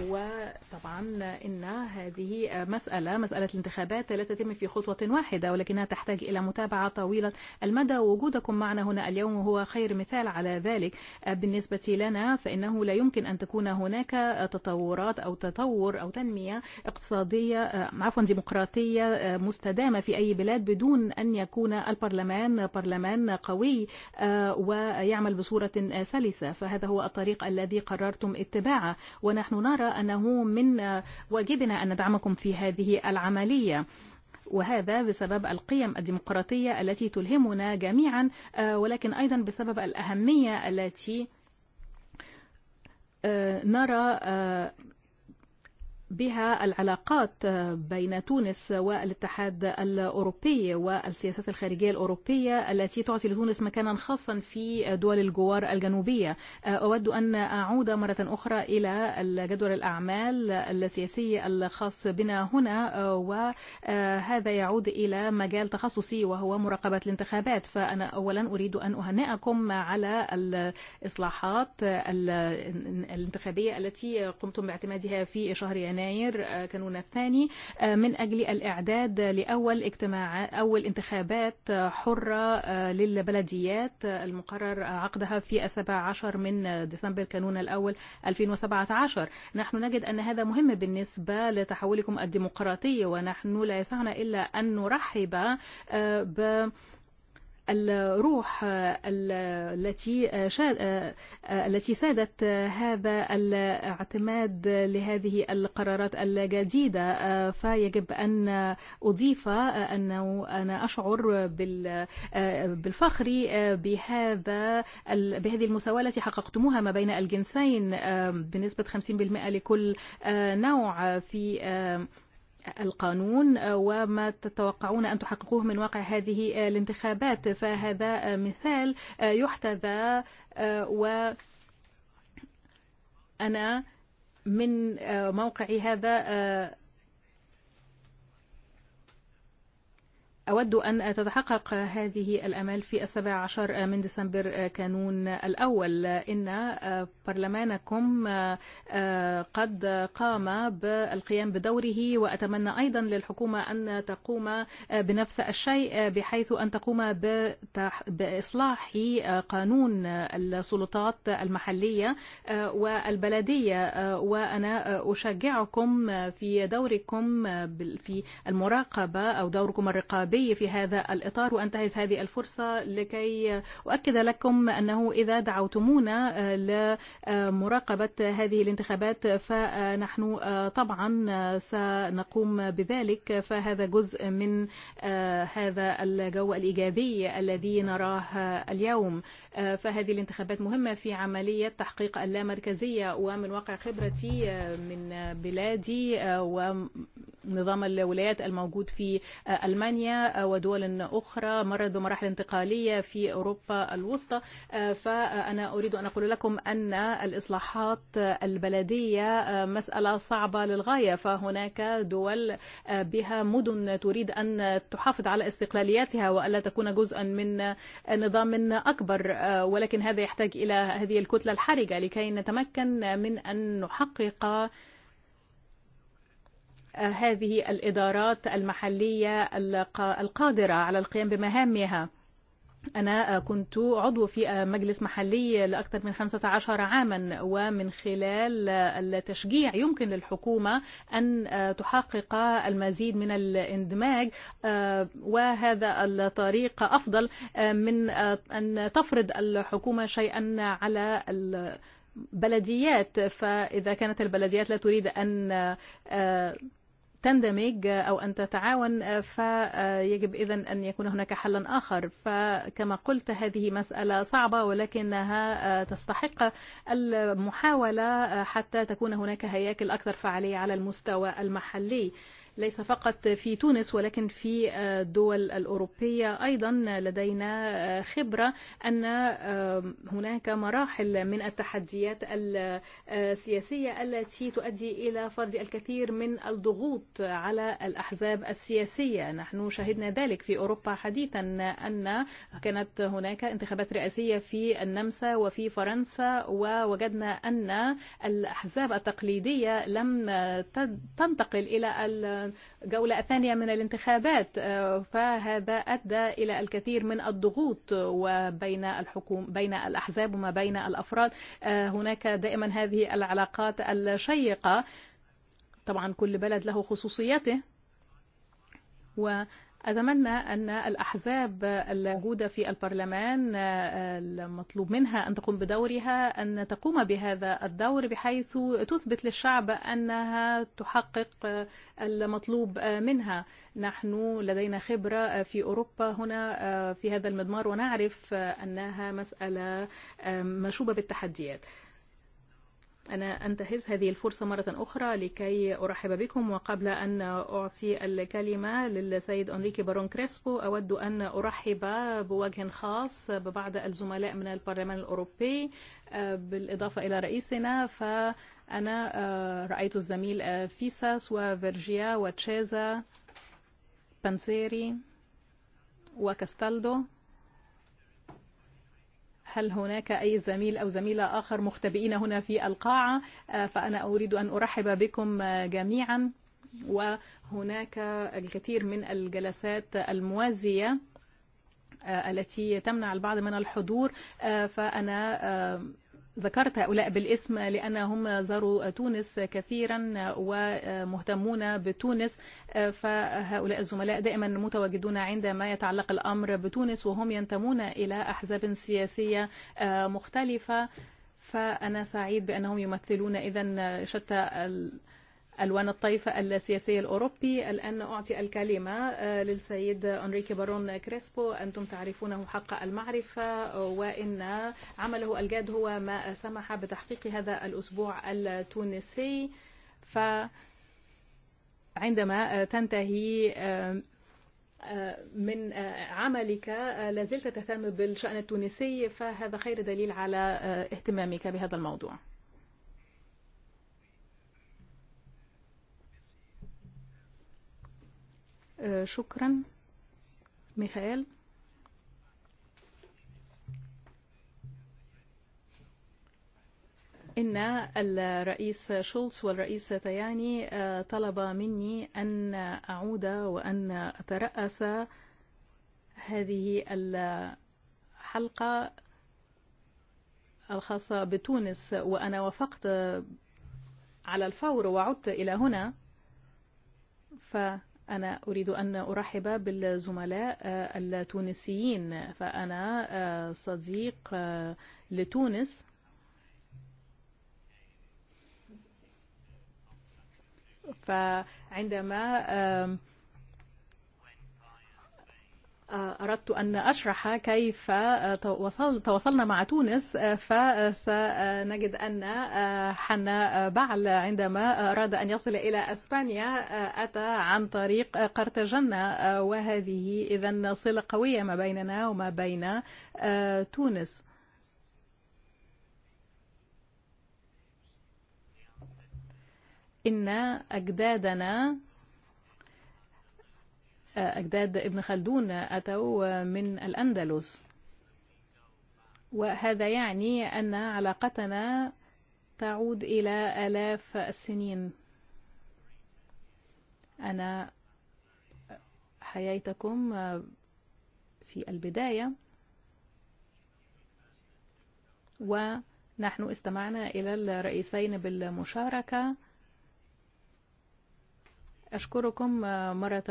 وطبعا إن هذه مسألة مسألة الانتخابات لا تتم في خطوة واحدة ولكنها تحتاج إلى متابعة طويلة المدى وجودكم معنا هنا اليوم هو خير مثال على ذلك بالنسبة لنا فإنه لا يمكن أن تكون هناك تطورات أو تطور أو تنمية اقتصادية عفوا ديمقراطية مستدامة في أي بلاد بدون أن يكون البرلمان برلمان قوي ويعمل بصورة سلسة فهذا هو الطريق الذي قررتم اتباعه ونحن نرى أنه من واجبنا أن ندعمكم في هذه العملية وهذا بسبب القيم الديمقراطية التي تلهمنا جميعا ولكن أيضا بسبب الأهمية التي نرى بها العلاقات بين تونس والاتحاد الأوروبي والسياسات الخارجية الأوروبية التي تعطي لتونس مكانا خاصا في دول الجوار الجنوبية أود أن أعود مرة أخرى إلى جدول الأعمال السياسي الخاص بنا هنا وهذا يعود إلى مجال تخصصي وهو مراقبة الانتخابات فأنا أولا أريد أن أهنئكم على الإصلاحات الانتخابية التي قمتم باعتمادها في شهر يناير يناير كانون الثاني من أجل الإعداد لأول اجتماع أول انتخابات حرة للبلديات المقرر عقدها في السبع عشر من ديسمبر كانون الأول 2017 نحن نجد أن هذا مهم بالنسبة لتحولكم الديمقراطي ونحن لا يسعنا إلا أن نرحب ب الروح التي التي سادت هذا الاعتماد لهذه القرارات الجديدة فيجب أن أضيف أنه أنا أشعر بالفخر بهذا بهذه المساواة التي حققتموها ما بين الجنسين بنسبة 50% لكل نوع في القانون وما تتوقعون أن تحققوه من واقع هذه الانتخابات فهذا مثال يحتذى وأنا من موقعي هذا أود أن تتحقق هذه الأمال في السابع عشر من ديسمبر كانون الأول إن برلمانكم قد قام بالقيام بدوره وأتمنى أيضا للحكومة أن تقوم بنفس الشيء بحيث أن تقوم بإصلاح قانون السلطات المحلية والبلدية وأنا أشجعكم في دوركم في المراقبة أو دوركم الرقابي الدولي في هذا الإطار وأنتهز هذه الفرصة لكي أؤكد لكم أنه إذا دعوتمونا لمراقبة هذه الانتخابات فنحن طبعا سنقوم بذلك فهذا جزء من هذا الجو الإيجابي الذي نراه اليوم فهذه الانتخابات مهمة في عملية تحقيق اللامركزية ومن واقع خبرتي من بلادي ونظام الولايات الموجود في ألمانيا ودول أخرى مرت بمراحل انتقالية في أوروبا الوسطى فأنا أريد أن أقول لكم أن الإصلاحات البلدية مسألة صعبة للغاية فهناك دول بها مدن تريد أن تحافظ على استقلالياتها وألا تكون جزءا من نظام أكبر ولكن هذا يحتاج إلى هذه الكتلة الحرجة لكي نتمكن من أن نحقق هذه الإدارات المحلية القادرة على القيام بمهامها أنا كنت عضو في مجلس محلي لأكثر من 15 عاما ومن خلال التشجيع يمكن للحكومة أن تحقق المزيد من الاندماج وهذا الطريق أفضل من أن تفرض الحكومة شيئا على بلديات فإذا كانت البلديات لا تريد أن تندمج أو أن تتعاون فيجب إذا أن يكون هناك حل آخر فكما قلت هذه مسألة صعبة ولكنها تستحق المحاولة حتى تكون هناك هياكل أكثر فعالية على المستوى المحلي ليس فقط في تونس ولكن في الدول الأوروبية أيضا لدينا خبرة أن هناك مراحل من التحديات السياسية التي تؤدي إلى فرض الكثير من الضغوط على الأحزاب السياسية نحن شهدنا ذلك في أوروبا حديثا أن كانت هناك انتخابات رئاسية في النمسا وفي فرنسا ووجدنا أن الأحزاب التقليدية لم تنتقل إلى جولة ثانية من الانتخابات فهذا أدى إلى الكثير من الضغوط وبين الحكوم بين الأحزاب وما بين الأفراد هناك دائما هذه العلاقات الشيقة طبعا كل بلد له خصوصيته و أتمنى أن الأحزاب اللاجودة في البرلمان المطلوب منها أن تقوم بدورها أن تقوم بهذا الدور بحيث تثبت للشعب أنها تحقق المطلوب منها نحن لدينا خبرة في أوروبا هنا في هذا المضمار ونعرف أنها مسألة مشوبة بالتحديات أنا أنتهز هذه الفرصة مرة أخرى لكي أرحب بكم وقبل أن أعطي الكلمة للسيد أنريكي بارون كريسبو أود أن أرحب بوجه خاص ببعض الزملاء من البرلمان الأوروبي بالإضافة إلى رئيسنا فأنا رأيت الزميل فيساس وفيرجيا وتشيزا بانسيري وكاستالدو هل هناك أي زميل أو زميلة آخر مختبئين هنا في القاعة فأنا أريد أن أرحب بكم جميعا وهناك الكثير من الجلسات الموازية التي تمنع البعض من الحضور فأنا ذكرت هؤلاء بالاسم لأنهم زاروا تونس كثيرا ومهتمون بتونس فهؤلاء الزملاء دائما متواجدون عندما يتعلق الأمر بتونس وهم ينتمون إلى أحزاب سياسية مختلفة فأنا سعيد بأنهم يمثلون إذن شتى ألوان الطيف السياسي الأوروبي الآن أعطي الكلمة للسيد أنريكي بارون كريسبو أنتم تعرفونه حق المعرفة وإن عمله الجاد هو ما سمح بتحقيق هذا الأسبوع التونسي فعندما تنتهي من عملك لازلت تهتم بالشأن التونسي فهذا خير دليل على اهتمامك بهذا الموضوع شكرا ميخائيل إن الرئيس شولتس والرئيس تياني طلب مني أن أعود وأن أترأس هذه الحلقة الخاصة بتونس وأنا وافقت على الفور وعدت إلى هنا فأنا أنا أريد أن أرحب بالزملاء التونسيين فأنا صديق لتونس فعندما أردت أن أشرح كيف تواصلنا مع تونس فسنجد أن حنا بعل عندما أراد أن يصل إلى أسبانيا أتى عن طريق قرطاجنة وهذه إذا صلة قوية ما بيننا وما بين تونس إن أجدادنا أجداد ابن خلدون أتوا من الأندلس وهذا يعني أن علاقتنا تعود إلى آلاف السنين أنا حييتكم في البداية ونحن استمعنا إلى الرئيسين بالمشاركة أشكركم مرة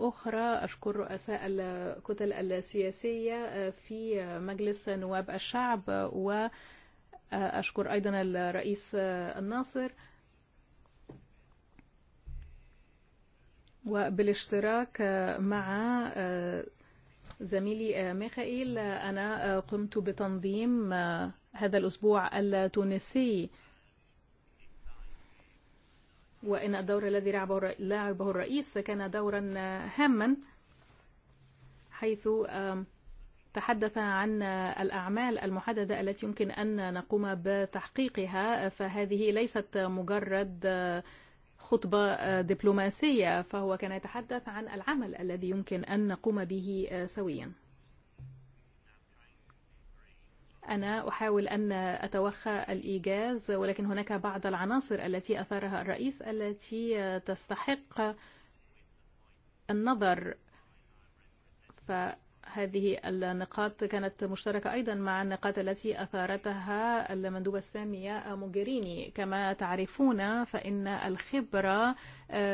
أخرى أشكر رؤساء الكتل السياسية في مجلس نواب الشعب وأشكر أيضا الرئيس الناصر وبالاشتراك مع زميلي ميخائيل أنا قمت بتنظيم هذا الأسبوع التونسي وإن الدور الذي لعبه الرئيس كان دورا هاما حيث تحدث عن الأعمال المحددة التي يمكن أن نقوم بتحقيقها فهذه ليست مجرد خطبة دبلوماسية فهو كان يتحدث عن العمل الذي يمكن أن نقوم به سويا أنا أحاول أن أتوخى الإيجاز ولكن هناك بعض العناصر التي أثارها الرئيس التي تستحق النظر فهذه النقاط كانت مشتركة أيضا مع النقاط التي أثارتها المندوبة السامية موغيريني كما تعرفون فإن الخبرة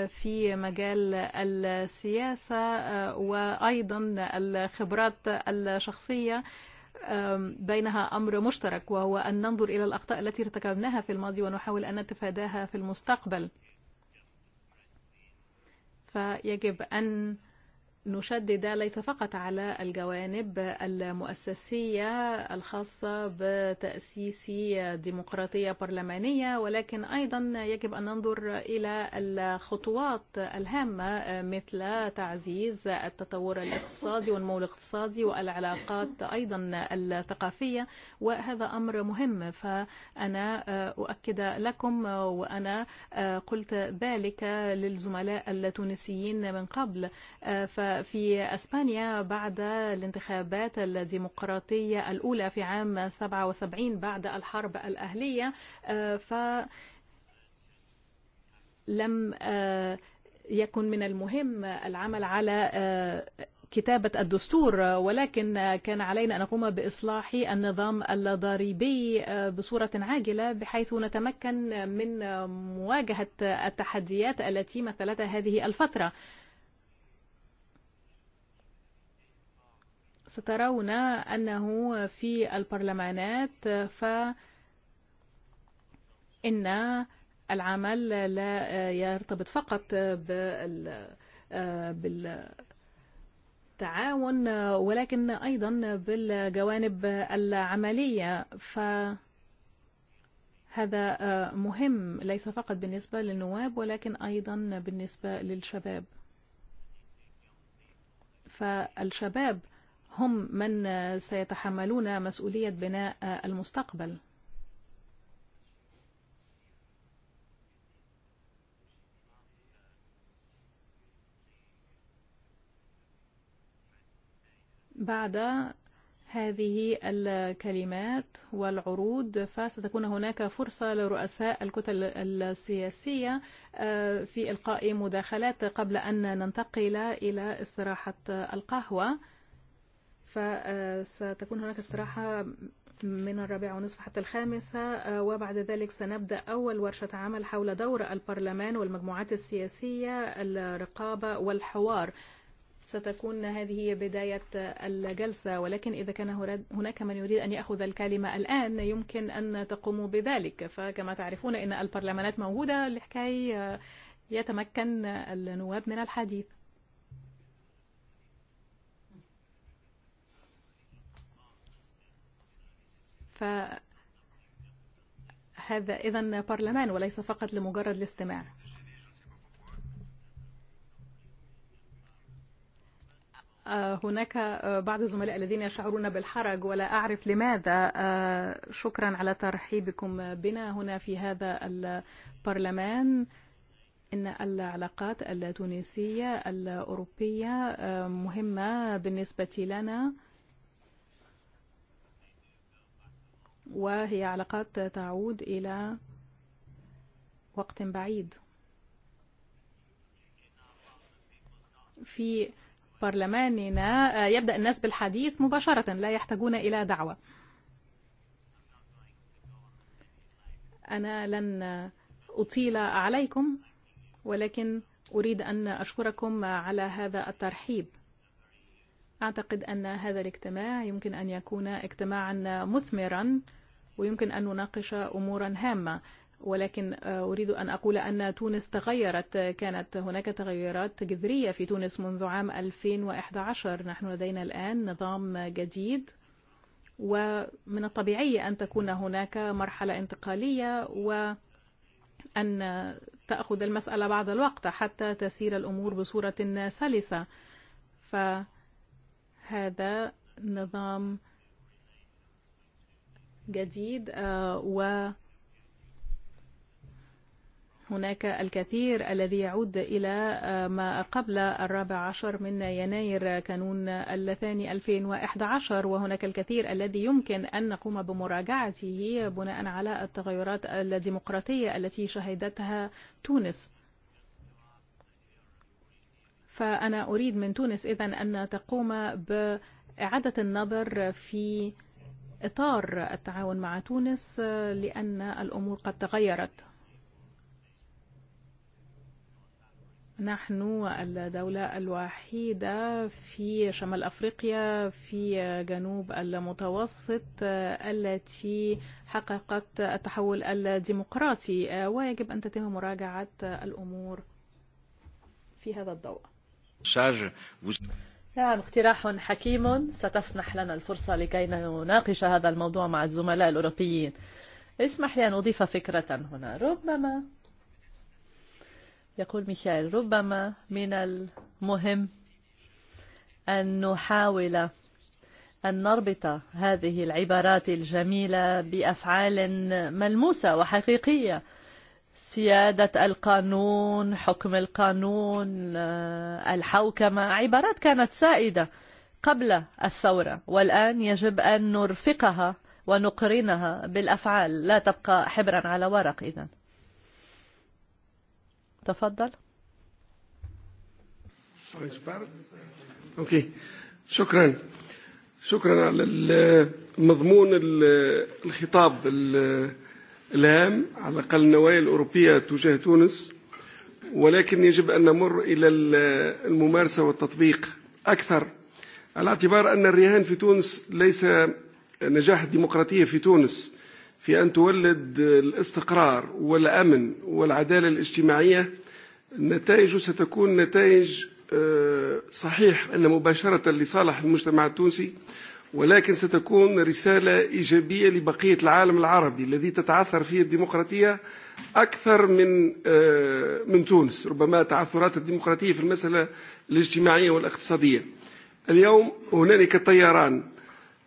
في مجال السياسة وأيضا الخبرات الشخصية بينها أمر مشترك وهو أن ننظر إلى الأخطاء التي ارتكبناها في الماضي ونحاول أن نتفاداها في المستقبل فيجب أن نشدد ليس فقط على الجوانب المؤسسية الخاصة بتأسيس ديمقراطية برلمانية ولكن أيضا يجب أن ننظر إلى الخطوات الهامة مثل تعزيز التطور الاقتصادي والنمو الاقتصادي والعلاقات أيضا الثقافية وهذا أمر مهم فأنا أؤكد لكم وأنا قلت ذلك للزملاء التونسيين من قبل ف في أسبانيا بعد الانتخابات الديمقراطية الأولى في عام 77 بعد الحرب الأهلية فلم يكن من المهم العمل على كتابة الدستور ولكن كان علينا أن نقوم بإصلاح النظام الضريبي بصورة عاجلة بحيث نتمكن من مواجهة التحديات التي مثلتها هذه الفترة. سترون أنه في البرلمانات فإن العمل لا يرتبط فقط بال بالتعاون ولكن أيضا بالجوانب العملية ف هذا مهم ليس فقط بالنسبة للنواب ولكن أيضا بالنسبة للشباب فالشباب هم من سيتحملون مسؤولية بناء المستقبل بعد هذه الكلمات والعروض فستكون هناك فرصة لرؤساء الكتل السياسية في إلقاء مداخلات قبل أن ننتقل إلى استراحة القهوة فستكون هناك استراحة من الرابعة ونصف حتى الخامسة وبعد ذلك سنبدأ أول ورشة عمل حول دور البرلمان والمجموعات السياسية الرقابة والحوار ستكون هذه هي بداية الجلسة ولكن إذا كان هناك من يريد أن يأخذ الكلمة الآن يمكن أن تقوموا بذلك فكما تعرفون إن البرلمانات موجودة لحكاية يتمكن النواب من الحديث فهذا إذا برلمان وليس فقط لمجرد الاستماع هناك بعض الزملاء الذين يشعرون بالحرج ولا أعرف لماذا شكرا على ترحيبكم بنا هنا في هذا البرلمان إن العلاقات التونسية الأوروبية مهمة بالنسبة لنا وهي علاقات تعود إلى وقت بعيد في برلماننا يبدأ الناس بالحديث مباشرة لا يحتاجون إلى دعوة أنا لن أطيل عليكم ولكن أريد أن أشكركم على هذا الترحيب أعتقد أن هذا الاجتماع يمكن أن يكون اجتماعا مثمرا ويمكن أن نناقش أمورا هامة ولكن أريد أن أقول أن تونس تغيرت كانت هناك تغيرات جذرية في تونس منذ عام 2011 نحن لدينا الآن نظام جديد ومن الطبيعي أن تكون هناك مرحلة انتقالية وأن تأخذ المسألة بعض الوقت حتى تسير الأمور بصورة سلسة فأنا هذا نظام جديد و هناك الكثير الذي يعود إلى ما قبل الرابع عشر من يناير كانون الثاني 2011 وهناك الكثير الذي يمكن أن نقوم بمراجعته بناء على التغيرات الديمقراطية التي شهدتها تونس فأنا أريد من تونس إذن أن تقوم بإعادة النظر في إطار التعاون مع تونس لأن الأمور قد تغيرت نحن الدولة الوحيدة في شمال أفريقيا في جنوب المتوسط التي حققت التحول الديمقراطي ويجب أن تتم مراجعة الأمور في هذا الضوء نعم اقتراح حكيم ستسنح لنا الفرصة لكي نناقش هذا الموضوع مع الزملاء الأوروبيين اسمح لي أن أضيف فكرة هنا ربما يقول ميخائيل ربما من المهم أن نحاول أن نربط هذه العبارات الجميلة بأفعال ملموسة وحقيقية سيادة القانون حكم القانون الحوكمة عبارات كانت سائدة قبل الثورة والآن يجب أن نرفقها ونقرنها بالأفعال لا تبقى حبرا على ورق إذا تفضل أوكي شكرا شكرا على مضمون الخطاب الهام على الأقل النوايا الأوروبية تجاه تونس ولكن يجب أن نمر إلى الممارسة والتطبيق أكثر على اعتبار أن الرهان في تونس ليس نجاح الديمقراطية في تونس في أن تولد الاستقرار والأمن والعدالة الاجتماعية النتائج ستكون نتائج صحيح أن مباشرة لصالح المجتمع التونسي ولكن ستكون رسالة إيجابية لبقية العالم العربي الذي تتعثر فيه الديمقراطية أكثر من من تونس ربما تعثرات الديمقراطية في المسألة الاجتماعية والاقتصادية اليوم هنالك طيران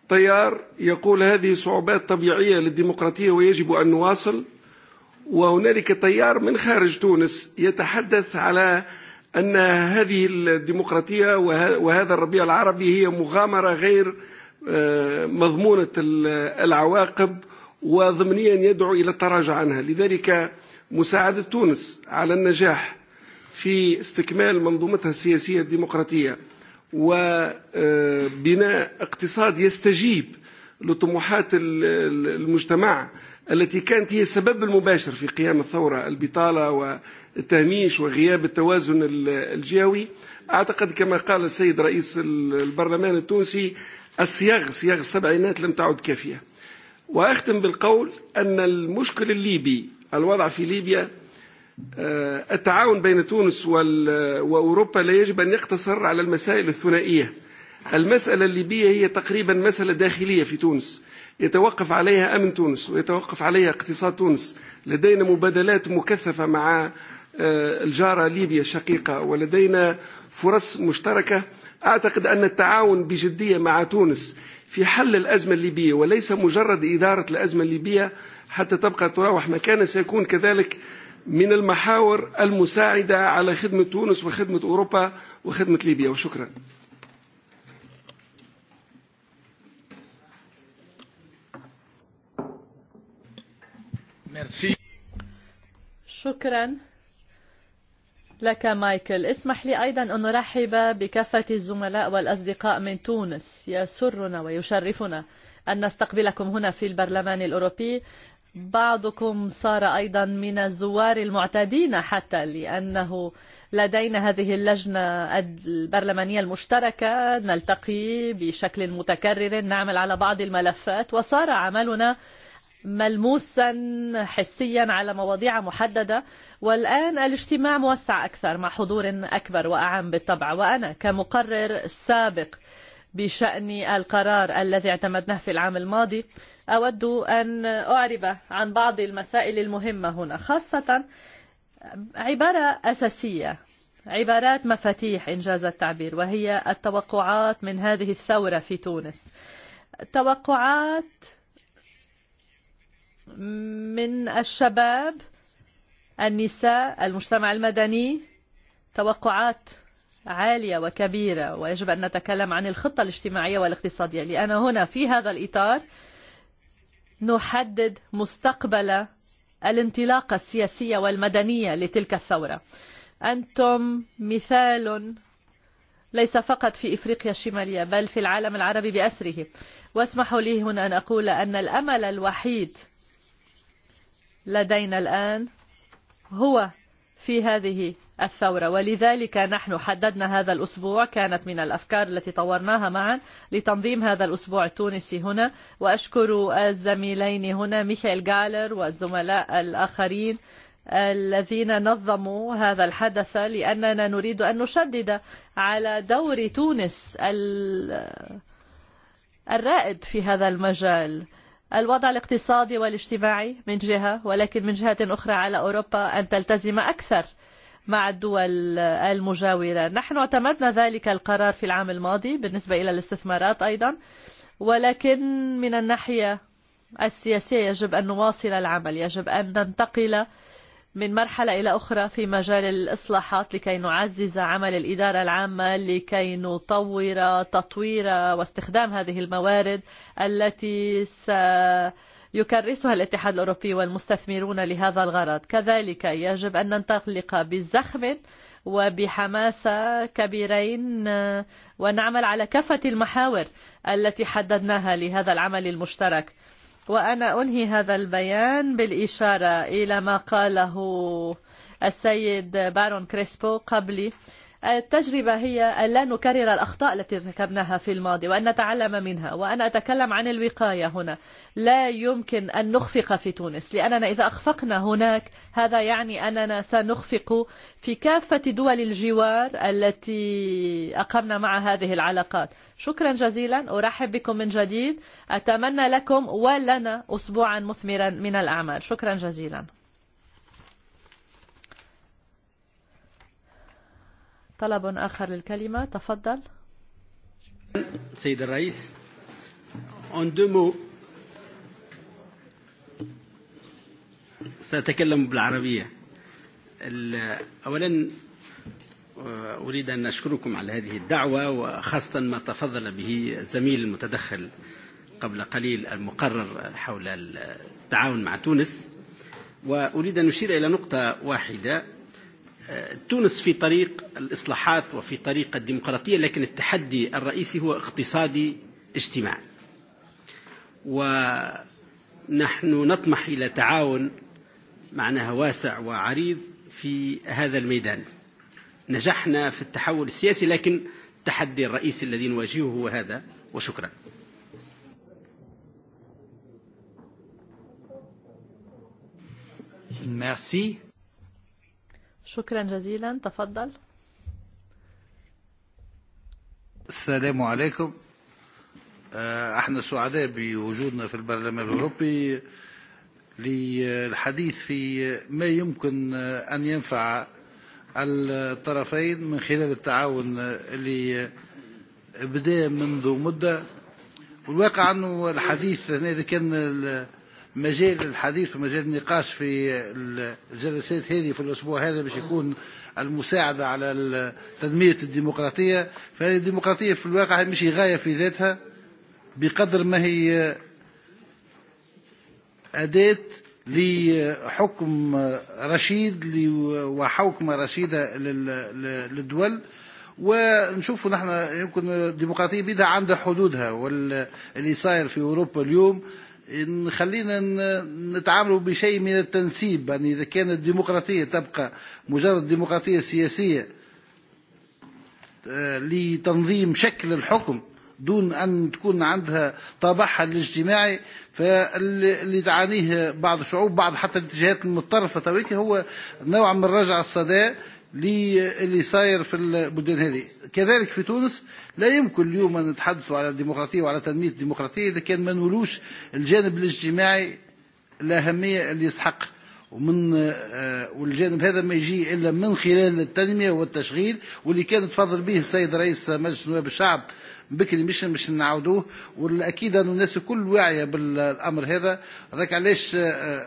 طيار يقول هذه صعوبات طبيعية للديمقراطية ويجب أن نواصل وهنالك طيار من خارج تونس يتحدث على أن هذه الديمقراطية وهذا الربيع العربي هي مغامرة غير مضمونة العواقب وضمنيا يدعو إلى التراجع عنها لذلك مساعدة تونس على النجاح في استكمال منظومتها السياسية الديمقراطية وبناء اقتصاد يستجيب لطموحات المجتمع التي كانت هي السبب المباشر في قيام الثورة البطالة والتهميش وغياب التوازن الجهوي أعتقد كما قال السيد رئيس البرلمان التونسي السياغ سياغ السبعينات لم تعد كافية وأختم بالقول أن المشكل الليبي الوضع في ليبيا التعاون بين تونس وأوروبا لا يجب أن يقتصر على المسائل الثنائية المسألة الليبية هي تقريبا مسألة داخلية في تونس يتوقف عليها أمن تونس ويتوقف عليها اقتصاد تونس لدينا مبادلات مكثفة مع الجارة ليبيا الشقيقة ولدينا فرص مشتركة أعتقد أن التعاون بجدية مع تونس في حل الأزمة الليبية وليس مجرد إدارة الأزمة الليبية حتى تبقى تراوح مكانها سيكون كذلك من المحاور المساعدة على خدمة تونس وخدمة أوروبا وخدمة ليبيا وشكرا شكرا لك مايكل اسمح لي أيضا أن نرحب بكافة الزملاء والأصدقاء من تونس يسرنا ويشرفنا أن نستقبلكم هنا في البرلمان الأوروبي بعضكم صار أيضا من الزوار المعتادين حتى لأنه لدينا هذه اللجنة البرلمانية المشتركة نلتقي بشكل متكرر نعمل على بعض الملفات وصار عملنا ملموسا حسيا على مواضيع محددة والآن الاجتماع موسع أكثر مع حضور أكبر وأعم بالطبع وأنا كمقرر سابق بشأن القرار الذي اعتمدناه في العام الماضي أود أن أعرب عن بعض المسائل المهمة هنا خاصة عبارة أساسية عبارات مفاتيح إنجاز التعبير وهي التوقعات من هذه الثورة في تونس توقعات من الشباب النساء المجتمع المدني توقعات عالية وكبيرة ويجب أن نتكلم عن الخطة الاجتماعية والاقتصادية لأن هنا في هذا الإطار نحدد مستقبل الانطلاقة السياسية والمدنية لتلك الثورة أنتم مثال ليس فقط في إفريقيا الشمالية بل في العالم العربي بأسره واسمحوا لي هنا أن أقول أن الأمل الوحيد لدينا الآن هو في هذه الثورة ولذلك نحن حددنا هذا الأسبوع كانت من الأفكار التي طورناها معا لتنظيم هذا الأسبوع التونسي هنا وأشكر الزميلين هنا ميخائيل جالر والزملاء الآخرين الذين نظموا هذا الحدث لأننا نريد أن نشدد على دور تونس الرائد في هذا المجال الوضع الاقتصادي والاجتماعي من جهة ولكن من جهة أخرى على أوروبا أن تلتزم أكثر مع الدول المجاورة نحن اعتمدنا ذلك القرار في العام الماضي بالنسبة إلى الاستثمارات أيضا ولكن من الناحية السياسية يجب أن نواصل العمل يجب أن ننتقل من مرحلة إلى أخرى في مجال الإصلاحات لكي نعزز عمل الإدارة العامة لكي نطور تطوير واستخدام هذه الموارد التي سيكرسها الاتحاد الأوروبي والمستثمرون لهذا الغرض كذلك يجب أن ننطلق بزخم وبحماسة كبيرين ونعمل على كافة المحاور التي حددناها لهذا العمل المشترك وأنا أنهي هذا البيان بالإشارة إلى ما قاله السيد بارون كريسبو قبلي التجربة هي أن لا نكرر الأخطاء التي ارتكبناها في الماضي وأن نتعلم منها وأنا أتكلم عن الوقاية هنا لا يمكن أن نخفق في تونس لأننا إذا أخفقنا هناك هذا يعني أننا سنخفق في كافة دول الجوار التي أقمنا مع هذه العلاقات شكرا جزيلا أرحب بكم من جديد أتمنى لكم ولنا أسبوعا مثمرا من الأعمال شكرا جزيلا طلب آخر للكلمة تفضل سيد الرئيس en سأتكلم بالعربية أولا أريد أن أشكركم على هذه الدعوة وخاصة ما تفضل به زميل المتدخل قبل قليل المقرر حول التعاون مع تونس وأريد أن أشير إلى نقطة واحدة تونس في طريق الإصلاحات وفي طريق الديمقراطية لكن التحدي الرئيسي هو اقتصادي اجتماعي ونحن نطمح إلى تعاون معناها واسع وعريض في هذا الميدان نجحنا في التحول السياسي لكن التحدي الرئيسي الذي نواجهه هو هذا وشكرا Merci. شكرا جزيلا تفضل السلام عليكم احنا سعداء بوجودنا في البرلمان الاوروبي للحديث في ما يمكن ان ينفع الطرفين من خلال التعاون اللي بدا منذ مده والواقع انه الحديث هنا اذا كان مجال الحديث ومجال النقاش في الجلسات هذه في الأسبوع هذا باش يكون المساعدة على تنمية الديمقراطية فهذه الديمقراطية في الواقع مش غاية في ذاتها بقدر ما هي أداة لحكم رشيد وحكم رشيدة للدول ونشوف نحن يمكن الديمقراطية بدا عندها حدودها واللي صاير في أوروبا اليوم خلينا نتعاملوا بشيء من التنسيب يعني إذا كانت الديمقراطية تبقى مجرد ديمقراطية سياسية لتنظيم شكل الحكم دون أن تكون عندها طابعها الاجتماعي فاللي تعانيه بعض الشعوب بعض حتى الاتجاهات المتطرفة هو نوع من رجع الصدى للي صاير في المدن هذه كذلك في تونس لا يمكن اليوم أن نتحدثوا على الديمقراطية وعلى تنمية الديمقراطية إذا كان ما نولوش الجانب الاجتماعي الأهمية اللي يسحق ومن والجانب هذا ما يجي إلا من خلال التنمية والتشغيل واللي كان تفضل به السيد رئيس مجلس نواب الشعب بكري مش مش نعاودوه والاكيد انه الناس الكل واعيه بالامر هذا هذاك علاش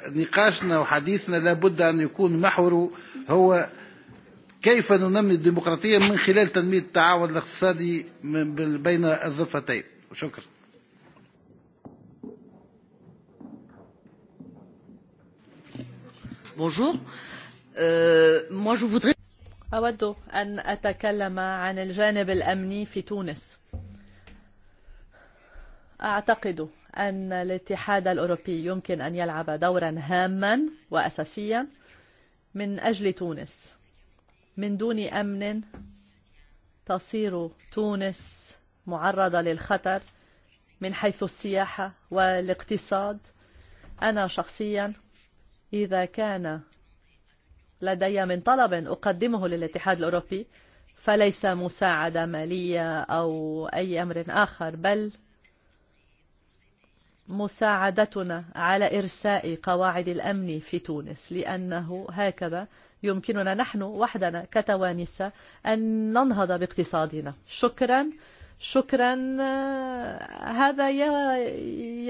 نقاشنا وحديثنا لابد ان يكون محوره هو كيف ننمي الديمقراطية من خلال تنمية التعاون الاقتصادي بين الضفتين شكرا Bonjour. Euh, moi, je voudrais... أود أن أتكلم عن الجانب الأمني في تونس. أعتقد أن الاتحاد الأوروبي يمكن أن يلعب دورا هاما وأساسيا من أجل تونس من دون أمن تصير تونس معرضة للخطر من حيث السياحة والاقتصاد أنا شخصيا إذا كان لدي من طلب أقدمه للاتحاد الأوروبي فليس مساعدة مالية أو أي أمر آخر بل مساعدتنا على إرساء قواعد الأمن في تونس لأنه هكذا يمكننا نحن وحدنا كتوانسة أن ننهض باقتصادنا شكرا شكرا هذا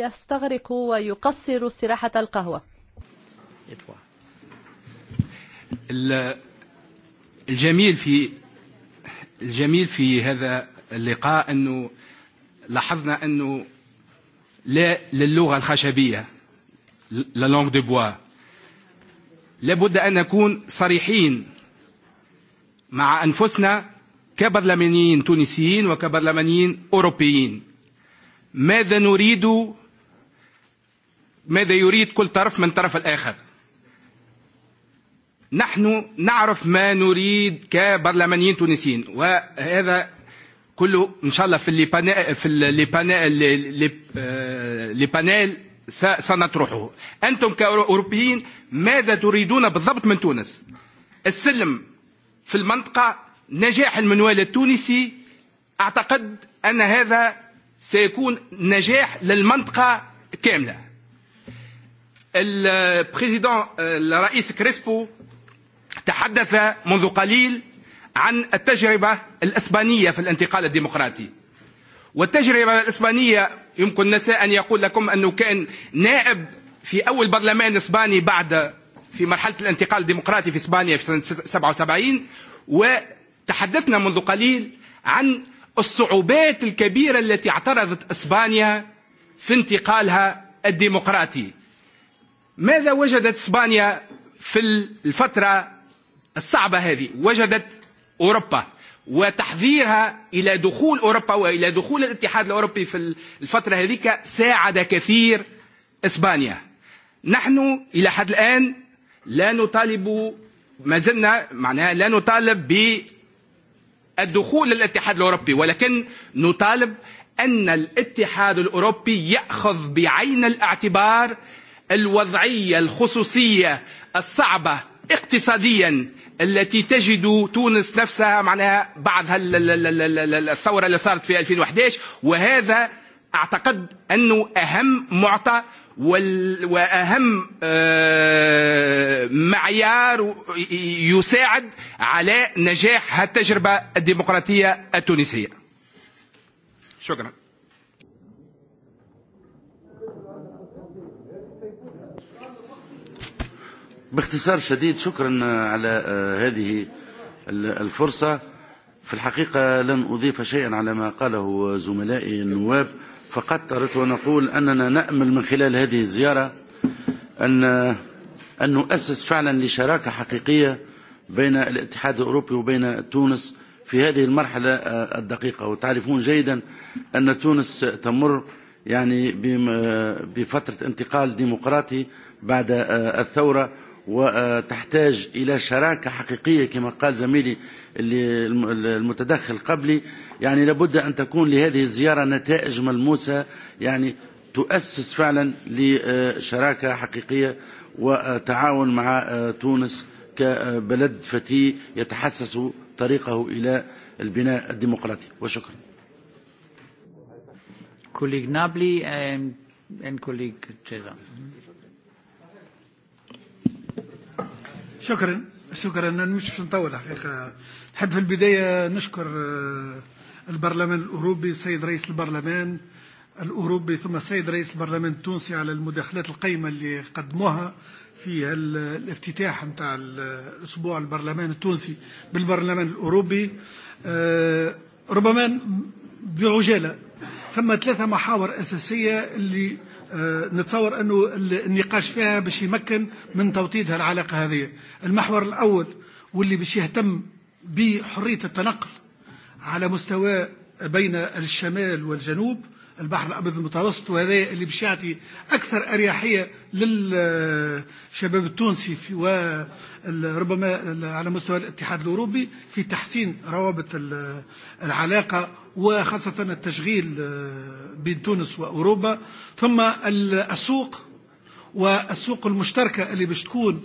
يستغرق ويقصر استراحة القهوة الجميل في الجميل في هذا اللقاء أنه لاحظنا أنه لا للغة الخشبية لا لونغ دو بوا لابد أن نكون صريحين مع أنفسنا كبرلمانيين تونسيين وكبرلمانيين أوروبيين ماذا نريد ماذا يريد كل طرف من طرف الآخر نحن نعرف ما نريد كبرلمانيين تونسيين وهذا كله إن شاء الله في اللي بانيل سنطرحه أنتم كأوروبيين ماذا تريدون بالضبط من تونس السلم في المنطقة نجاح المنوال التونسي أعتقد أن هذا سيكون نجاح للمنطقة كاملة الرئيس كريسبو تحدث منذ قليل عن التجربة الإسبانية في الانتقال الديمقراطي والتجربة الإسبانية يمكن نساء أن يقول لكم أنه كان نائب في أول برلمان إسباني بعد في مرحلة الانتقال الديمقراطي في إسبانيا في سنة 77 وتحدثنا منذ قليل عن الصعوبات الكبيرة التي اعترضت إسبانيا في انتقالها الديمقراطي ماذا وجدت إسبانيا في الفترة الصعبة هذه وجدت أوروبا وتحذيرها إلى دخول أوروبا وإلى دخول الاتحاد الأوروبي في الفترة هذيك ساعد كثير إسبانيا نحن إلى حد الآن لا نطالب ما زلنا معناها لا نطالب بالدخول للاتحاد الأوروبي ولكن نطالب أن الاتحاد الأوروبي يأخذ بعين الاعتبار الوضعية الخصوصية الصعبة اقتصاديا التي تجد تونس نفسها معناها بعد الثورة اللي صارت في 2011 وهذا أعتقد أنه أهم معطى وأهم معيار يساعد على نجاح هالتجربة الديمقراطية التونسية شكرا باختصار شديد شكرا على هذه الفرصة في الحقيقة لن أضيف شيئا على ما قاله زملائي النواب فقط أردت أن أقول أننا نأمل من خلال هذه الزيارة أن أن نؤسس فعلا لشراكة حقيقية بين الاتحاد الأوروبي وبين تونس في هذه المرحلة الدقيقة وتعرفون جيدا أن تونس تمر يعني بفترة انتقال ديمقراطي بعد الثورة وتحتاج إلى شراكة حقيقية كما قال زميلي المتدخل قبلي يعني لابد أن تكون لهذه الزيارة نتائج ملموسة يعني تؤسس فعلا لشراكة حقيقية وتعاون مع تونس كبلد فتي يتحسس طريقه إلى البناء الديمقراطي وشكرا colleague Nabli and, and colleague Cesar. شكرا شكرا أنا مش باش نطول حقيقة نحب في البدايه نشكر البرلمان الاوروبي السيد رئيس البرلمان الاوروبي ثم السيد رئيس البرلمان التونسي على المداخلات القيمه اللي قدموها في الافتتاح نتاع الاسبوع البرلمان التونسي بالبرلمان الاوروبي ربما بعجاله ثم ثلاثه محاور اساسيه اللي نتصور أنه النقاش فيها باش يمكن من توطيد هالعلاقة هذه المحور الأول واللي باش يهتم بحرية التنقل على مستوى بين الشمال والجنوب البحر الأبيض المتوسط وهذا اللي باش يعطي أكثر أريحية للشباب التونسي في ربما على مستوى الاتحاد الأوروبي في تحسين روابط العلاقة وخاصة التشغيل بين تونس وأوروبا ثم السوق والسوق المشتركة اللي باش تكون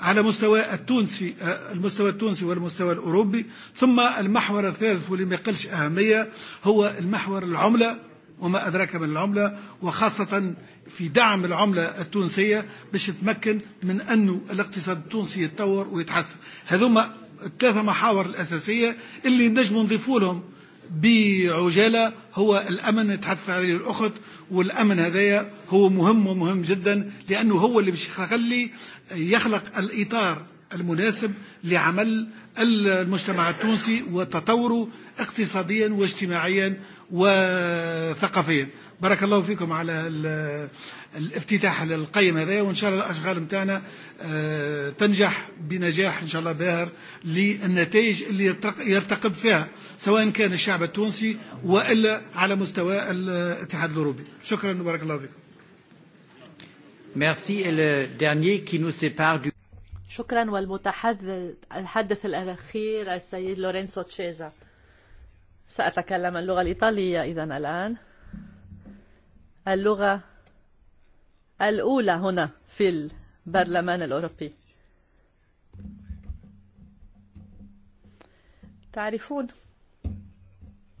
على مستوى التونسي المستوى التونسي والمستوى الأوروبي ثم المحور الثالث واللي ما يقلش أهمية هو المحور العملة وما أدراك من العملة وخاصة في دعم العملة التونسية باش تمكن من أنه الاقتصاد التونسي يتطور ويتحسن هذوما الثلاثة محاور الأساسية اللي نجم نضيفوا لهم بعجالة هو الأمن تحدث عليه الأخت والأمن هذايا هو مهم ومهم جدا لأنه هو اللي باش يخلي يخلق الإطار المناسب لعمل المجتمع التونسي وتطوره اقتصاديا واجتماعيا وثقافيا بارك الله فيكم على الافتتاح للقيمة هذا وإن شاء الله الأشغال متانا تنجح بنجاح إن شاء الله باهر للنتائج اللي يرتقب فيها سواء كان الشعب التونسي وإلا على مستوى الاتحاد الأوروبي شكرا بارك الله فيكم Merci. Et le dernier qui nous sépare du... شكرا والمتحدث الحدث الأخير السيد لورينسو تشيزا سأتكلم اللغة الإيطالية إذا الآن اللغة الأولى هنا في البرلمان الأوروبي تعرفون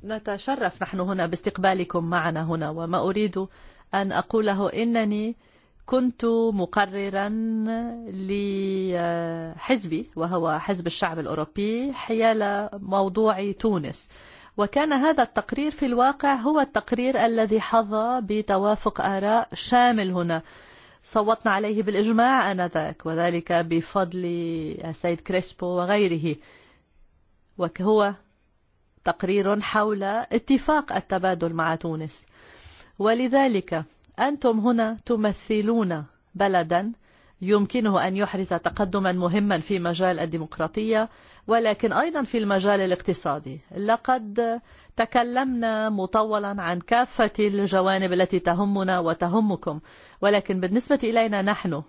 نتشرف نحن هنا باستقبالكم معنا هنا وما أريد أن أقوله إنني كنت مقررا لحزبي وهو حزب الشعب الأوروبي حيال موضوع تونس وكان هذا التقرير في الواقع هو التقرير الذي حظى بتوافق آراء شامل هنا صوتنا عليه بالإجماع آنذاك وذلك بفضل السيد كريسبو وغيره وهو تقرير حول اتفاق التبادل مع تونس ولذلك أنتم هنا تمثلون بلدا يمكنه أن يحرز تقدما مهما في مجال الديمقراطية ولكن أيضا في المجال الاقتصادي لقد تكلمنا مطولا عن كافة الجوانب التي تهمنا وتهمكم ولكن بالنسبة إلينا نحن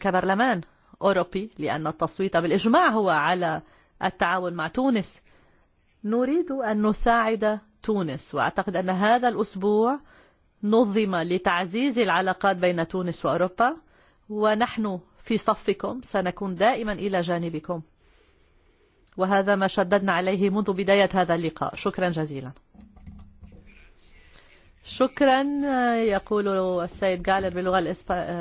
كبرلمان أوروبي لأن التصويت بالإجماع هو على التعاون مع تونس نريد أن نساعد تونس وأعتقد أن هذا الأسبوع نظم لتعزيز العلاقات بين تونس وأوروبا ونحن في صفكم سنكون دائما إلى جانبكم وهذا ما شددنا عليه منذ بداية هذا اللقاء شكرا جزيلا شكرا يقول السيد جالر باللغة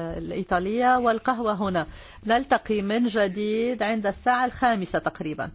الإيطالية والقهوة هنا نلتقي من جديد عند الساعة الخامسة تقريبا